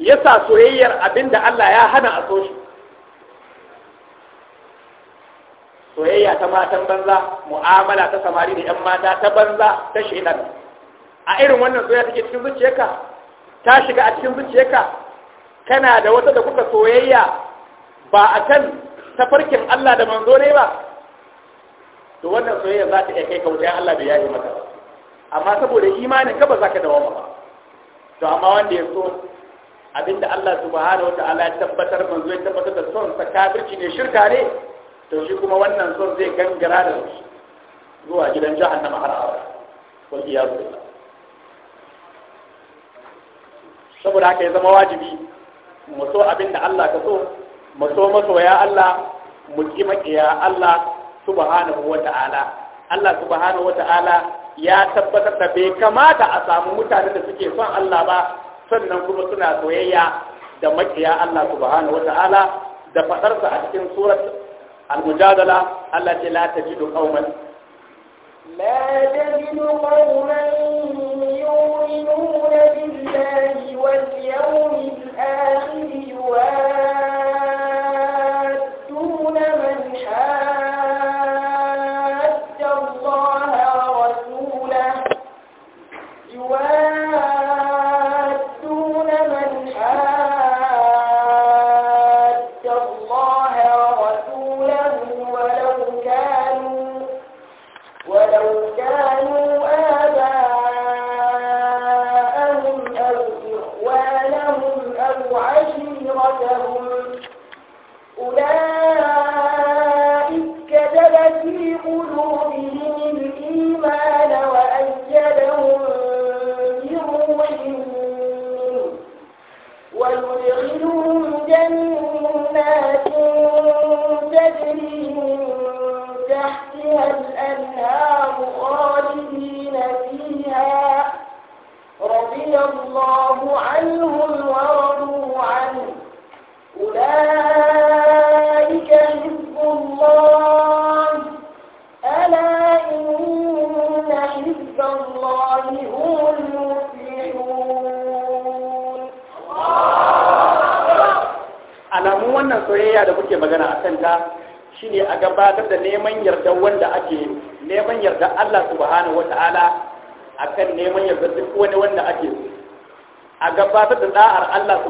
ya sa soyayyar abin da Allah ya hana a so shi soyayya ta matan banza mu'amala ta samari da 'yan mata ta banza ta shi a irin wannan soyayya take cikin zuciyarka ta shiga a cikin zuciyarka kana da wata da kuka soyayya ba a kan tafarkin Allah da manzo ne ba to wannan soyayya za ta iya kai kauta Allah da yayi maka amma saboda imanin ka ba za ka dawo ba to amma wanda ya so abinda Allah subhanahu wataala ya tabbatar manzo ya tabbatar da son sa kafirci ne shirka ne to shi kuma wannan son zai gangara da shi zuwa gidan jahannama har abada wal iyyazu saboda haka ya zama wajibi mu so abin da Allah ka so mu so masoya Allah mu ki makiya Allah subhanahu wa ta'ala Allah subhanahu wa ta'ala ya tabbatar da bai kamata a samu mutane da suke son Allah ba sannan kuma suna soyayya da makiya Allah subhanahu wa ta'ala da fadarsa a cikin surat al-mujadala Allah ce la tajidu qauman la tajidu qauman yu'minuna billahi wal yawmil الآخر يوافق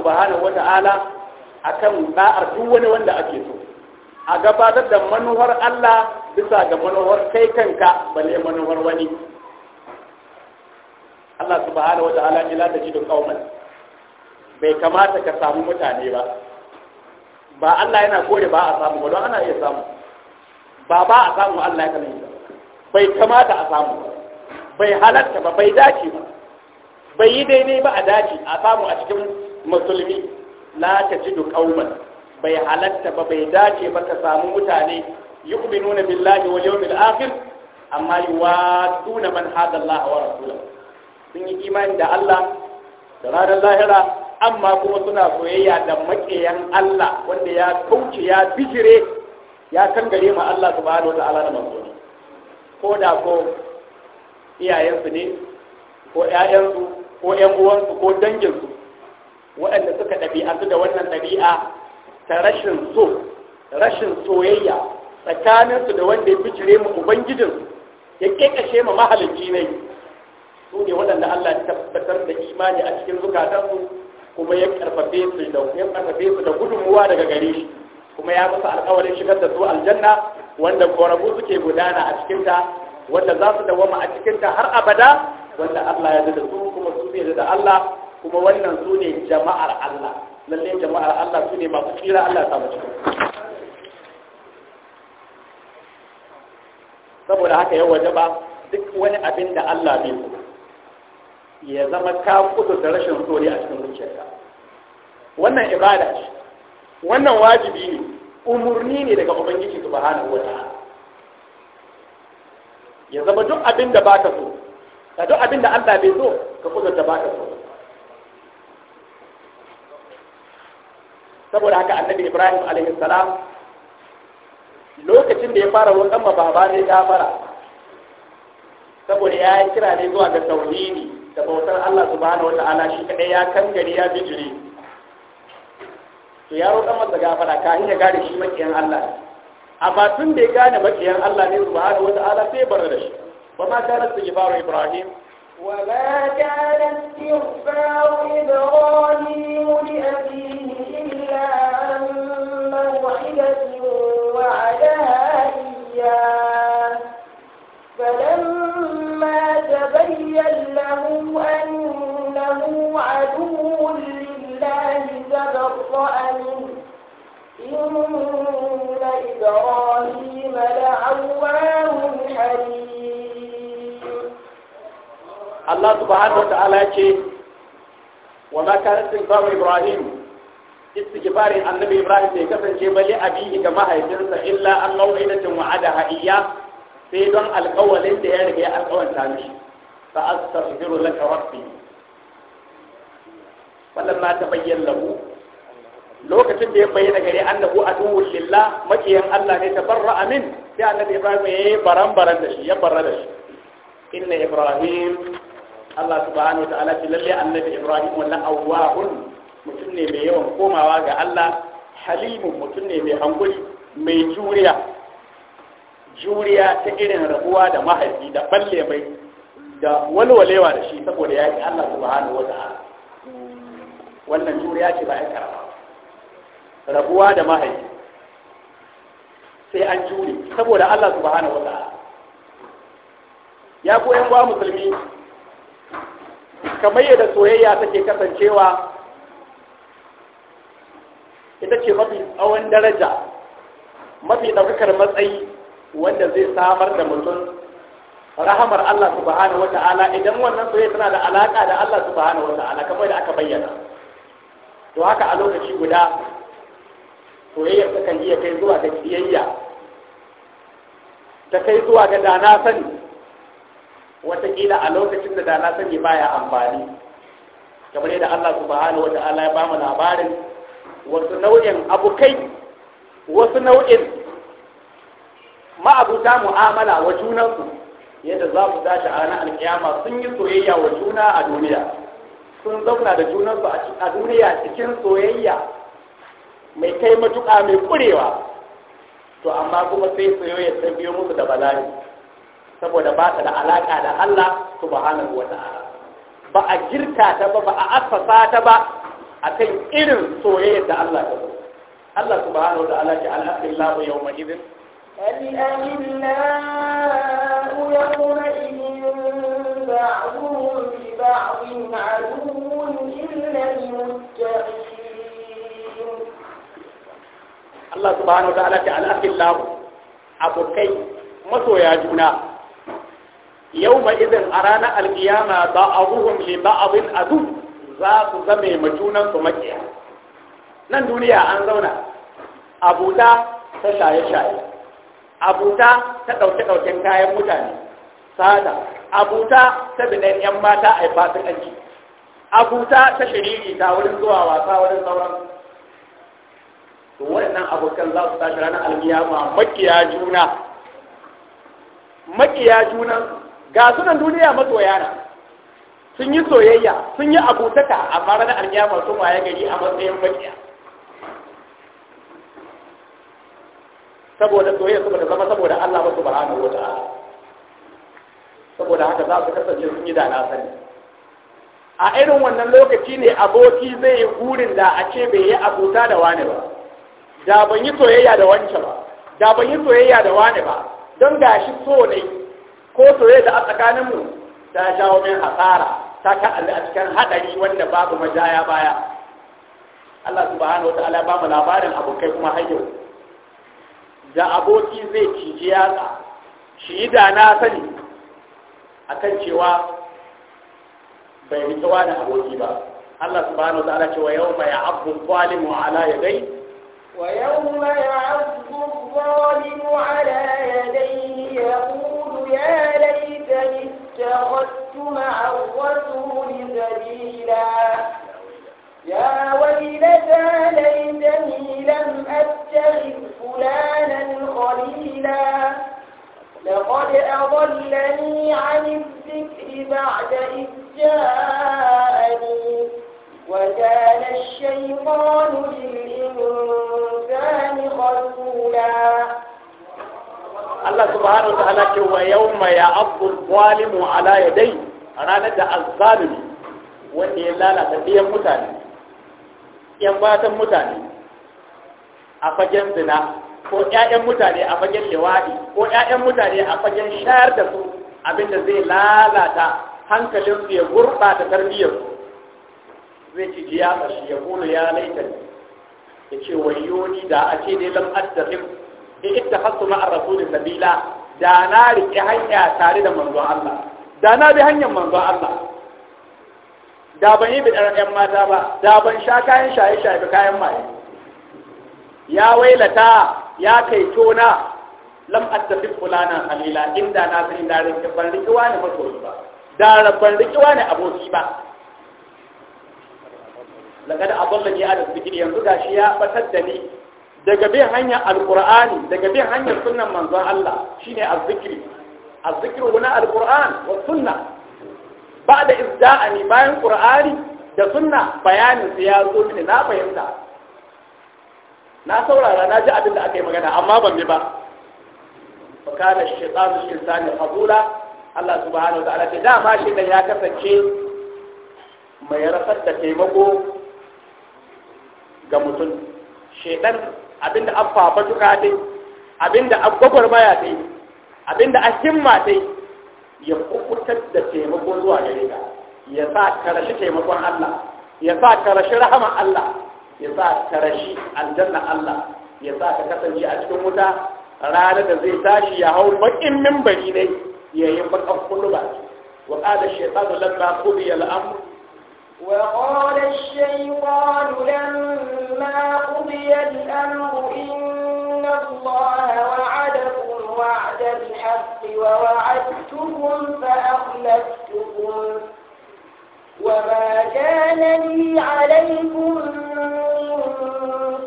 subhanahu wa wata'ala akan da'ar duk wani wanda ake so a gabatar da manuwar Allah bisa ga manuwar kai kanka bale manuwar wani Allah subhanahu wa ta'ala ila da jidu kauman bai kamata ka samu mutane ba ba Allah yana kore ba a samu ba don ana iya samu ba ba a samu Allah ya yi bai kamata a samu bai halatta ba bai dace ba bai yi daidai ba a dace a samu a cikin musulmi la ji duƙauman bai halatta ba bai dace ba ka samu mutane yi yu'minuna billahi wa yau bil'afir amma yi tuna man haɗa Allah wa sun yi imani da Allah da ranar lahira amma kuma suna soyayya da makiyan Allah wanda ya kauce ya bijire ya gare ma Allah su subhanahu wata ala da manzo ko da ko iyayensu ne ko ƴaƴansu ko ƴan uwansu ko danginsu waɗanda suka ɗabi'antu da wannan ɗabi'a ta rashin so rashin soyayya tsakaninsu da wanda ya bijire mu ubangijin ya ƙeƙashe ma mahalin ne su ne waɗanda Allah ya tabbatar da imani a cikin zukatansu kuma ya ƙarfafe su da ya ƙarfafe su da gudunmuwa daga gare shi kuma ya musu alƙawarin shigar da su aljanna wanda korabu suke gudana a cikinta, wanda za su dawama a cikinta har abada wanda Allah ya da su kuma su ne da Allah kuma wannan su ne jama'ar Allah lalle jama'ar Allah su ne masu tsira Allah ta mace saboda haka yau waje ba duk wani abin da Allah bai so, ya zama ka kudu da rashin tsori a cikin zuciyarka wannan ibada ce wannan wajibi ne umurni ne daga ubangiji subhanahu wataala ya zama duk abin da baka so ka duk abin da Allah bai so ka kudurta baka so saboda haka annabi ibrahim alaihi salam lokacin da ya fara roƙon ma baba ne gafara saboda ya yi kira ne zuwa ga tauhidi da bautar Allah subhanahu wata'ala shi kadai ya kangare ya bijire to ya roƙon masa gafara ka ya gane shi makiyan Allah A batun da ya gane makiyan Allah ne subhanahu wata'ala sai bar da shi Ba ma kana istighfaru ibrahim وما كان استغفار إبراهيم لأبيه صاحبة إياه فلما تبين له أنه عدو لله تبرأ منه إن إبراهيم لعواه الله سبحانه وتعالى يقول وما من قبل إبراهيم istighfarin annabi ibrahim bai kasance ba li abihi ga mahaifinsa illa an mawqidatin wa'ada iyya sai don alƙawalin da ya riga ya alƙawanta mishi fa astaghfiru laka rabbi falamma tabayyana lahu lokacin da ya bayyana gare annabu aduwwul lillah makiyan Allah ne tabarra amin sai annabi ibrahim ya yi baran baran da shi ya barra da shi inna ibrahim Allah subhanahu wa ta'ala ce lalle annabi ibrahim wallahu awwahun mutum ne mai yawan komawa ga Allah halimu mutum ne mai hankuri mai juriya juriya ta irin rabuwa da mahaifi da balle mai da walwalewa da shi saboda ya yi Allah subhanahu ta'ala wannan juriya ce ba ya karama rabuwa da mahaifi sai an jure saboda Allah subhanahu ta'ala ya koyan ba musulmi kamar yadda soyayya take kasancewa ita ce mafi tsawon daraja mafi ɗaukakar matsayi wanda zai samar da mutum rahamar Allah subhanahu wa idan wannan soyayya tana da alaka da Allah subhanahu wa kamar da aka bayyana to haka a lokaci guda soyayyar ta kan iya kai zuwa ga kiyayya ta kai zuwa ga dana sani watakila a lokacin da dana sani baya amfani kamar yadda Allah subhanahu wa ta'ala ya bamu labarin wasu nau'in abokai wasu nau'in ma'abuta mu'amala wa junansu yadda za ku tashi a ranar alkiyama sun yi soyayya wa juna a duniya sun zauna da junansu a duniya cikin soyayya mai kai matuƙa mai ƙurewa to amma kuma sai soyayya ta biyo musu da bala'i saboda ba ta da alaƙa da Allah subhanahu wa ta'ala ba a girka ta ba ba a asfasa ta ba akan irin soyayya da Allah ya so Allah subhanahu wa ta'ala ya alhaqi Allah yawma idin ali alillahu yawma idin ba'dhum li ba'dhin aduwwun illa al-muttaqin Allah subhanahu wa ta'ala ya alhaqi Allah abokai masoya juna yawma idin a ranar alkiyama ba'dhum li ba'dhin aduwwun za su zame majunan su makiya nan duniya an zauna abuta ta shaye-shaye abuta ta ɗauke-ɗauken kayan mutane sada abuta ta bidan 'yan mata a fasikanci abuta ta shiriri ta wurin zuwa wasa wurin sauran to waɗannan abokan za su tashi ranar ma makiya juna makiya junan ga sunan duniya masoya yana. sun yi soyayya sun yi abutaka amma na alkiyama sun waye gari a matsayin bakiya saboda soyayya su bata zama saboda Allah ba ba hannu wata saboda haka za su kasance sun yi da na sani a irin wannan lokaci ne aboki zai yi hurin da a ce bai yi abuta da wani ba da ban yi soyayya da wancan ba da ban yi soyayya da wani ba don gashi so ne ko soyayya da a tsakaninmu ta jawo min hasara ta ka a cikin hadari wanda babu majaya baya Allah subhanahu ta'ala ba mu labarin abokai kuma har yau da aboki zai cije yatsa shi yi da na sani akan cewa bai mutuwa da aboki ba Allah subhanahu wataala cewa yau mai abu wa ala yadai wa yau mai abu zalimu ala yadai ya ya laitani اتخذت مع الرسول سبيلا يا ويلتى ليتني لم أتخذ فلانا خليلا لقد أضلني عن الذكر بعد إذ جاءني وكان الشيطان للإنسان خذولا Allah subhanahu wa ta'ala ce wa yawma ya abu zalimu ala yadayhi ranar da azzalimi wanda ya lalata biyan mutane yan batan mutane a fagen zina ko ƴaƴan mutane a fagen liwadi ko ƴaƴan mutane a fagen shayar da su abinda zai lalata hankalin su ya gurɓata tarbiyyar su zai ci jiya shi ya kula ya laita ya ce wayo ni da a ce dai lam addafin Eh, ita hasu ma'ar rasulun sabila da na riƙe hanya tare da manzon Allah da na bi hanyar manzon Allah da ban yi bidar ƴan mata ba da ban sha kayan shaye shaye ba kayan maye ya wailata ya kai tona lam attafi fulana halila inda na san da riƙe ban riƙe wani masoyi ba da ban riƙe wani aboki ba laqad adallani ala dhikri yanzu gashi ya batar da ni daga bin hanyar alkur'ani daga bin hanyar sunan manzon Allah shine azzikri azzikru huna alkur'an wa sunna ba'da izda'ani bayan ƙur'ani da sunna bayanin su ya zo mini na fahimta na saurara na ji abin da aka yi magana amma ban bi ba fa kana shaytanu shaytanu fadula Allah subhanahu wa ta'ala ce dama shi da ya kasance mai rasar da taimako ga mutum shaidan abinda an fafatuka dai abinda an gwagwarmaya dai abinda an himma dai ya kukutar da taimako zuwa gare ka ya sa ka taimakon Allah ya sa ka rahama Allah ya sa ka aljanna Allah ya sa ka kasance a cikin wuta rana da zai tashi ya hau bakin mimbari ne ya yi bakan kullu ba wa qala shaytanu lamma qudiya al-amr وقال الشيطان لما قضي الأمر إن الله وعدكم وعد الحق ووعدتكم فأخلفتكم وما كان لي عليكم من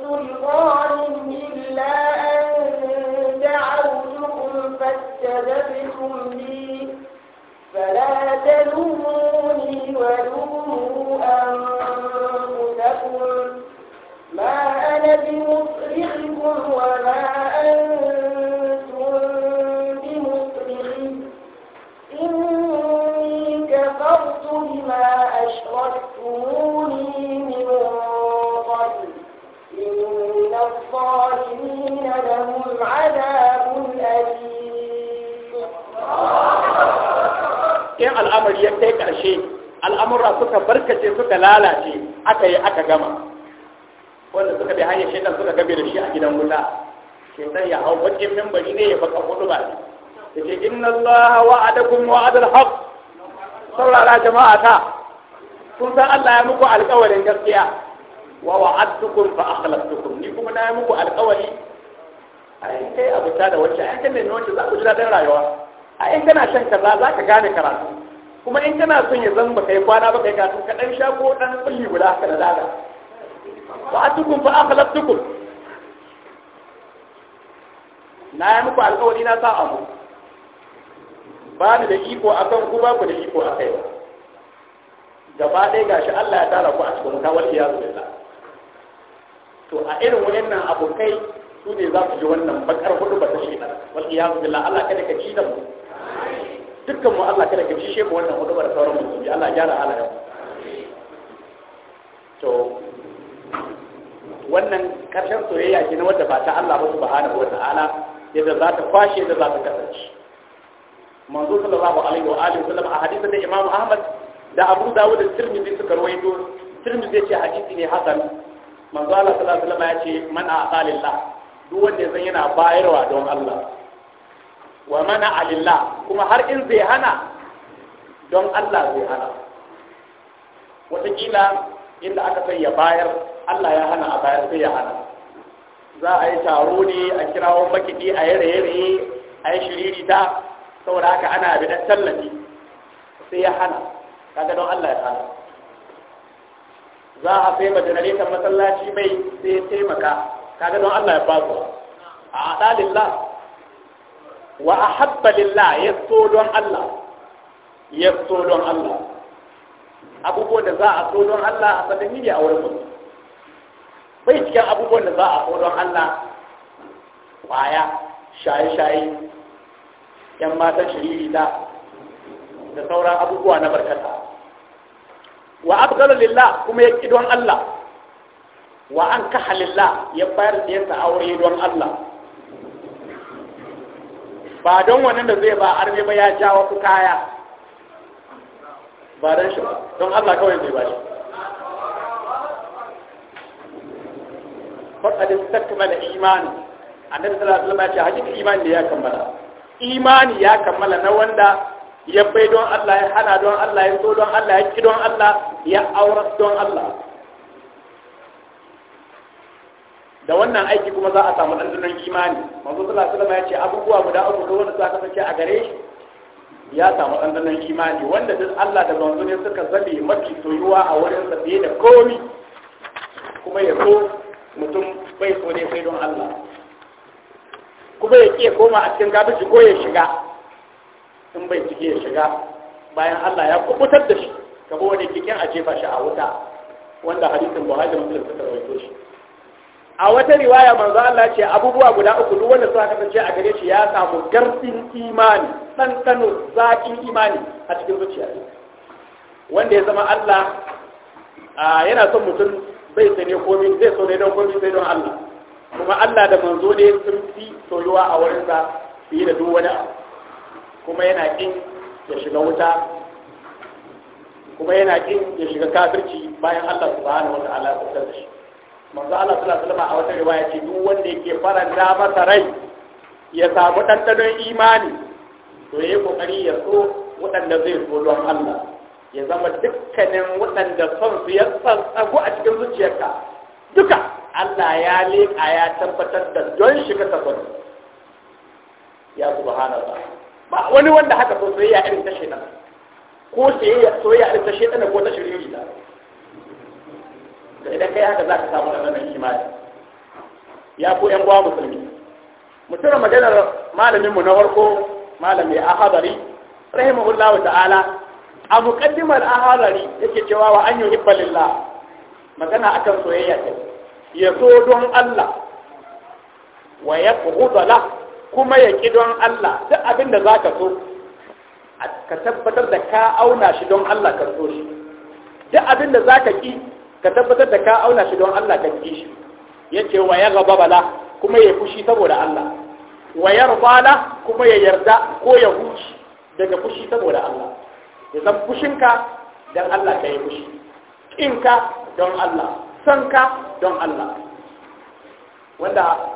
سلطان إلا أن بمصرخكم وما أنتم بمصرخي إني كفرت بما أشركتموني من قبل إن الظالمين لهم عذاب أليم إن الأمر يكتئ كرشي al'amurra suka barkace suka lalace aka yi aka gama wanda suka bi hanyar shaitan suka gabe da shi a gidan wuta shaitan ya hau bakin membari ne ya baka hudu ba ya ce inna Allah wa'adakum wa'adal haq saurara jama'a ta kun san Allah ya muku alƙawarin gaskiya wa wa'adtukum fa akhlaftukum ni kuma na ya muku alƙawari ai kai abuta da wacce ai kan ne wacce za ku ji daɗin rayuwa a in kana shan kaza za ka gane karatu kuma in kana son ya zan ba kai kwana ba kai karatu ka ɗan sha ko ɗan kulli guda haka da zaga wa'adukum fa akhlaftukum na yi muku alƙawari na sa abu ba ni da iko akan ku ba ku da iko a kai gaba ɗaya gashi Allah ya tara ku a cikin kawar iya zuwa to a irin wayannan abokai su ne za su ji wannan bakar hudu ba ta shi nan wal iyazu billah Allah kada ka ci da mu dukkan mu Allah kada ka ci shi mu wannan hudu ba da sauran mu Allah ya gyara halayen to wannan karshen soyayya ke na wadda ba ta Allah ba subhanahu ala, yadda za ta kwashe da za ta kasance manzo sallallahu alaihi wa alihi wasallam a hadisin da Imam Ahmad da Abu Dawud da Tirmidhi suka rawaito Tirmidhi yace hadisi ne hasan manzo Allah sallallahu alaihi wa sallam yace man aqalillah duk wanda zan yana bayarwa don Allah wa mana alillah kuma har in zai hana don Allah zai hana wataƙila inda aka sai ya bayar Allah ya hana a bayan sai ya hana za a yi taro ne a kirawo makiɗi a yare-yare a yi shiriri ta saboda haka ana bi dan tallafi sai ya hana kaga don Allah ya hana za a sai ma janaretan masallaci mai sai ya taimaka kaga don Allah ya bazu a adalillah wa a ahabba lillah ya so don Allah ya so don Allah abubuwan da za a so don Allah a sanin ne a wurin mutum bai cikin abubuwan da za a horon Allah kwaya shaye-shaye yan matan shiriri da da sauran abubuwa na barkata wa abgala lillah kuma ya ƙi don Allah wa an kaha lillah ya bayar da yanta aure don Allah ba don wannan da zai ba arme ba ya ja wasu kaya ba don shi ba don Allah kawai zai ba shi faɗaɗe takmala imani annabi sallallahu alaihi wasallam ya ce hakika imani ne ya kammala imani ya kammala na wanda ya bai don Allah ya hana don Allah ya so don Allah ya ki don Allah ya aura don Allah da wannan aiki kuma za a samu ɗanɗanon imani manzo sallallahu alaihi wasallam ya ce abubuwa guda uku ko wanda za kasance sace a gare shi ya samu ɗanɗanon imani wanda duk Allah da manzo ne suka zabe mafi soyuwa a wurin sa fiye da komi kuma ya so mutum bai so ne sai don Allah kuma ya ke koma a cikin gabashi ko ya shiga in bai ciki ya shiga bayan Allah ya kubutar da shi kaba wani cikin a jefa shi a wuta wanda hadisin Buhari da Muslim suka rawaito shi a wata riwaya manzo Allah ce abubuwa guda uku duk wanda suka kasance a gare shi ya samu garfin imani dan zaƙin zakin imani a cikin zuciya wanda ya zama Allah yana son mutum bai sane komi zai so ne don komi sai don Allah kuma Allah da manzo ne sun fi soyuwa a wurin sa fiye da duk wani kuma yana kin ya shiga wuta kuma yana kin ya shiga kafirci bayan Allah subhanahu wa ta'ala ya tsare shi manzo Allah sallallahu alaihi wasallam a wata riwaya ce duk wanda yake faranta masa rai ya samu dandanon imani to yayi kokari ya so wadanda zai so don Allah ya zama dukkanin waɗanda son su ya tsantsago a cikin zuciyarka duka Allah ya leƙa ya tabbatar da don shi ka son ya bahana ba wani wanda haka so ya irin ta nan ko so ya irin ta shaitan ko ta shiriri da idan kai haka za ka samu wannan kimani ya ku yan uwa musulmi mutum maganar malamin mu na farko malami ahadari rahimahullahu ta'ala a muqaddimar ahalari yake cewa wa an yuhibba lillah magana akan soyayya ta. ya so don Allah wa yabghudha la kuma ya ki don Allah duk abin da ka so ka tabbatar da ka auna shi don Allah ka so shi duk abin da ka ki ka tabbatar da ka auna shi don Allah ka ki shi Ya ce wa ya bala kuma ya fushi saboda Allah wa yarda kuma ya yarda ko ya huci daga fushi saboda Allah ya zan fushinka don Allah ka yi fushi ƙinka don Allah sanka don Allah wanda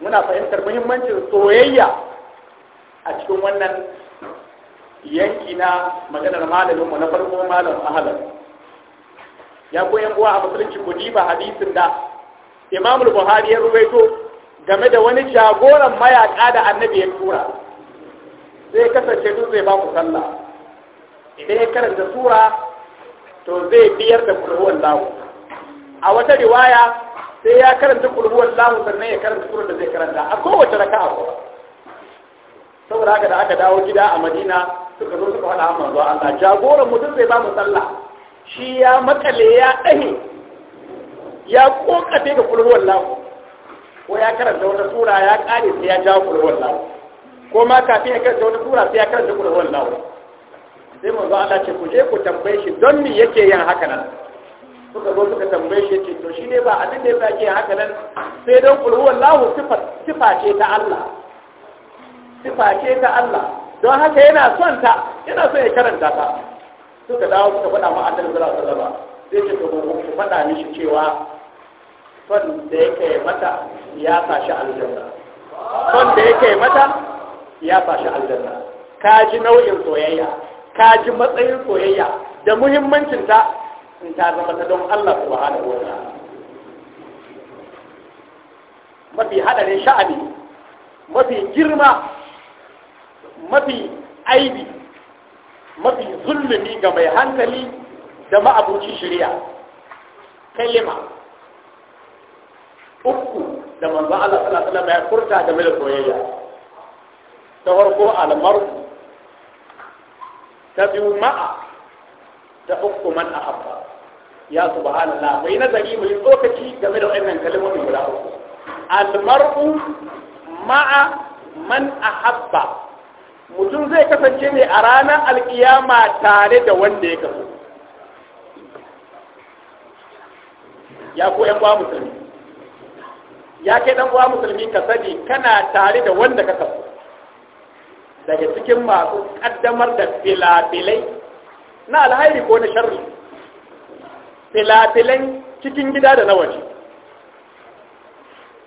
muna fahimtar muhimmancin soyayya a cikin wannan yanki na maganar malaminmu na farko malam ahalar ya koyan uwa a musulunci ku jiba hadisin da imamul buhari ya rubaito game da wani jagoran mayaka da annabi ya tura zai kasance duk zai ba ku sallah idan ya karanta sura to zai biyar da kulhuwan lahu a wata riwaya sai ya karanta kulhuwan lahu sannan ya karanta sura da zai karanta a kowace raka'a ko saboda haka da aka dawo gida a Madina suka zo suka faɗa zuwa Allah jagoran mutum zai ba mu sallah shi ya makale ya ɗahe ya ƙoƙate ga kulhuwan lahu ko ya karanta wata sura ya kare sai ya jawo kulhuwan lahu ko ma kafin ya karanta wani tura sai ya karanta kurhun lahu sai mu Allah ce ku je ku tambaye shi don me yake yin haka nan suka zo suka tambaye shi ce to shine ba abin da yake haka nan sai don kurhun lahu sifa sifa ce ta Allah sifa ce ta Allah don haka yana son ta yana son ya karanta ta suka dawo suka faɗa ma annabi sallallahu alaihi wasallam sai ce to ku faɗa mishi cewa son da yake mata ya sashi aljanna son da yake mata ya fashi aljanna ka ji nau'in soyayya ka ji matsayin soyayya da muhimmancin ta in ta zama ta don Allah subhanahu wa ta'ala mafi haɗarin sha'ani mafi girma mafi aibi mafi zulumi ga mai hankali da ma'abuci shirya kalima uku da manzo Allah sallallahu alaihi wasallam ya furta game da soyayya ta farko almaru ta biyu ma'a ta uku man a habba ya subhanallah bai nazari mai tsokaci game da wannan kalmomin guda uku almar'u ma'a man a habba mutum zai kasance ne a ranar alkiyama tare da wanda ya kaso ya ko yan musulmi ya kai dan uwa musulmi ka sani kana tare da wanda ka kaso daga cikin masu kaddamar da filafilai na alhairi ko na sharri filafilai cikin gida da na waje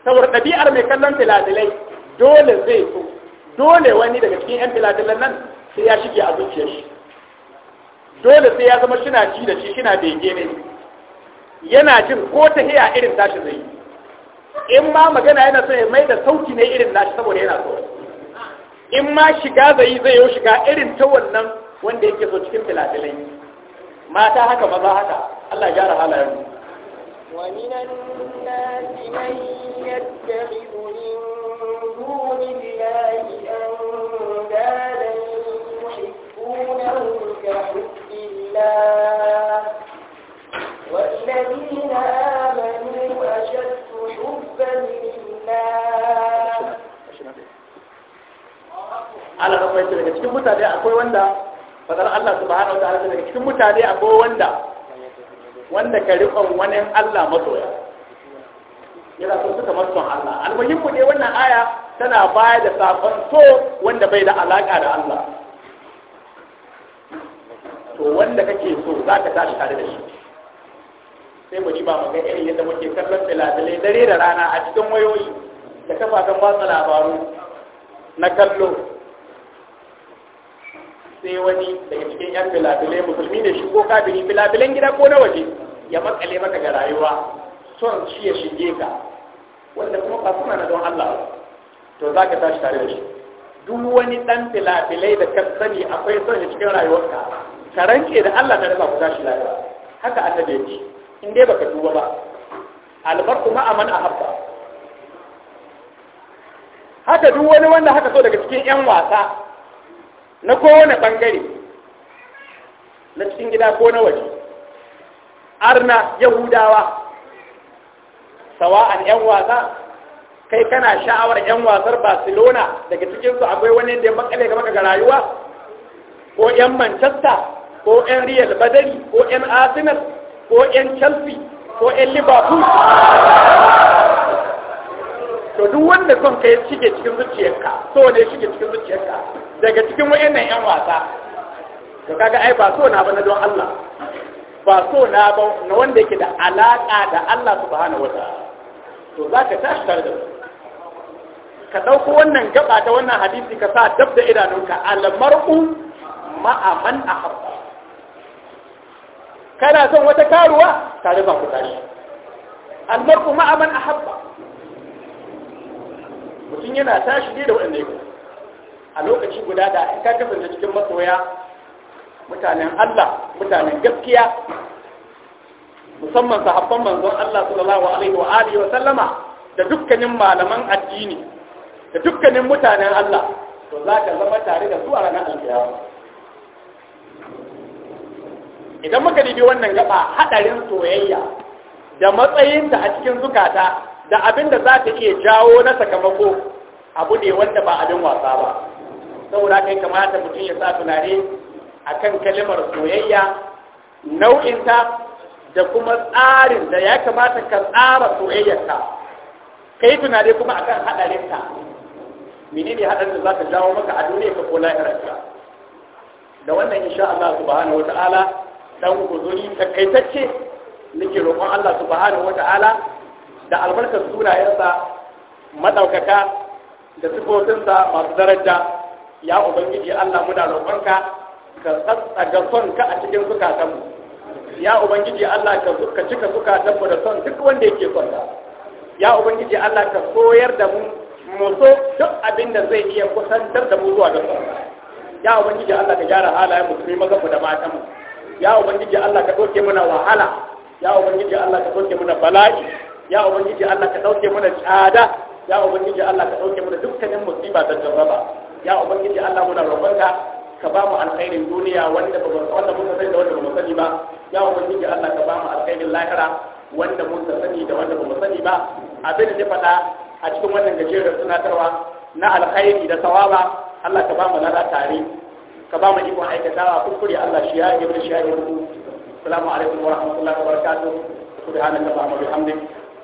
saboda ɗabi'ar mai kallon filafilai dole zai so dole wani daga cikin 'yan filafilan nan sai ya shige a zuciyar shi dole sai ya zama shina ci da shi shina bege ne yana jin ko ta hiya irin tashi zai in ma magana yana so ya mai da sauki ne irin nashi saboda yana so in ma shiga zai zai yau shiga irin ta wannan wanda yake so cikin filafilai mata haka maza haka Allah ya gyara halayen mu ومن الناس من يتخذ من دون الله أندادا يحبونهم كحب الله والذين آمنوا ala kamar ce daga cikin mutane akwai wanda fadar Allah subhanahu wataala ce daga cikin mutane akwai wanda wanda ka rikon wani Allah masoya yana so suka masu Allah almuhimmu ne wannan aya tana baya da sakon so wanda bai da alaka da Allah to wanda kake so za ka tashi tare da shi sai mu riba mu ga irin yadda muke kallon filatilai dare da rana a cikin wayoyi da kafafen watsa labaru na kallo sai wani daga cikin yan filafilai musulmi ne shi ko kafiri filafilan gida ko na waje ya makale maka ga rayuwa son shi ya shige ka wanda kuma ba suna na don Allah ba. to za ka tashi tare da shi duk wani dan filafilai da ka sani akwai son shi cikin rayuwarka ka rance da Allah ta rasa ku tashi lafiya haka annabi ya ce in dai baka duba ba albarku ma aman ahabba haka duk wani wanda haka so daga cikin yan wasa na kowane ɓangare na cikin gida ko na waje arna yahudawa sawa'an 'yan wasa kai kana sha'awar 'yan wasar barcelona daga cikinsu akwai wani da ya makale ga maka ga rayuwa ko 'yan manchester ko 'yan real badari ko 'yan arsenal ko 'yan chelsea ko 'yan liverpool to duk wanda son ka ya shige cikin zuciyarka so ne shige cikin zuciyarka daga cikin wayannan yan wasa to kaga ai ba so na ba na don Allah ba so na ba na wanda yake da alaka da Allah subhanahu wataala to zaka tashi tare da ka dauko wannan gaba ta wannan hadisi ka sa dab da idanunka al-mar'u ma'a man ahabba kana son wata karuwa tare ba ku tashi al-mar'u ma'a man ahabba mutum yana tashi ne da waɗanda ya a lokaci guda da in ka kasance cikin masoya mutanen Allah mutanen gaskiya musamman sahabban manzon Allah sallallahu alaihi wa alihi wa sallama da dukkanin malaman addini da dukkanin mutanen Allah to za ka zama tare da su a ranar alkiyama idan muka dibi wannan gaba hadarin soyayya da matsayinta a cikin zukata da abin da za ta iya jawo na sakamako abu ne wanda ba abin wasa ba saboda kai kamata mutum ya sa tunani akan kalimar soyayya nau'inta da kuma tsarin da ya kamata ka tsara ka kai tunani kuma akan haɗarinta menene haɗarin da za ka jawo maka a duniya ka ko lahirarka da wannan insha Allah subhanahu wata'ala dan guzuri takaitacce nake roƙon Allah subhanahu wata'ala da albarkar sunayensa madaukaka da sifofinsa masu daraja ya ubangiji Allah muna roƙonka ka tsatsaga son ka a cikin zukatanmu ya ubangiji Allah ka cika zukatanmu da son duk wanda yake son ka ya ubangiji Allah ka koyar da mu mu so duk abin da zai iya kusantar da mu zuwa ga son ya ubangiji Allah ka gyara halayen musulmi mazan mu da matan mu ya ubangiji Allah ka doke mana wahala ya ubangiji Allah ka doke mana bala'i ya ubangiji Allah ka dauke mana tsada ya ubangiji Allah ka dauke mana dukkanin musiba da jarraba ya ubangiji Allah muna roƙonka ka ba mu alkhairin duniya wanda ba wanda mun sani da wanda ba mu sani ba ya ubangiji Allah ka ba mu alkhairin lahira wanda mun sani da wanda ba mu sani ba abin da ya faɗa a cikin wannan gajeren tunatarwa na alkhairi da sawaba Allah ka ba mu lada tare ka ba mu iko aikatawa kuskure Allah shi ya yi mu shi ya yi mu assalamu alaikum wa rahmatullahi wa barakatuh subhanaka allahumma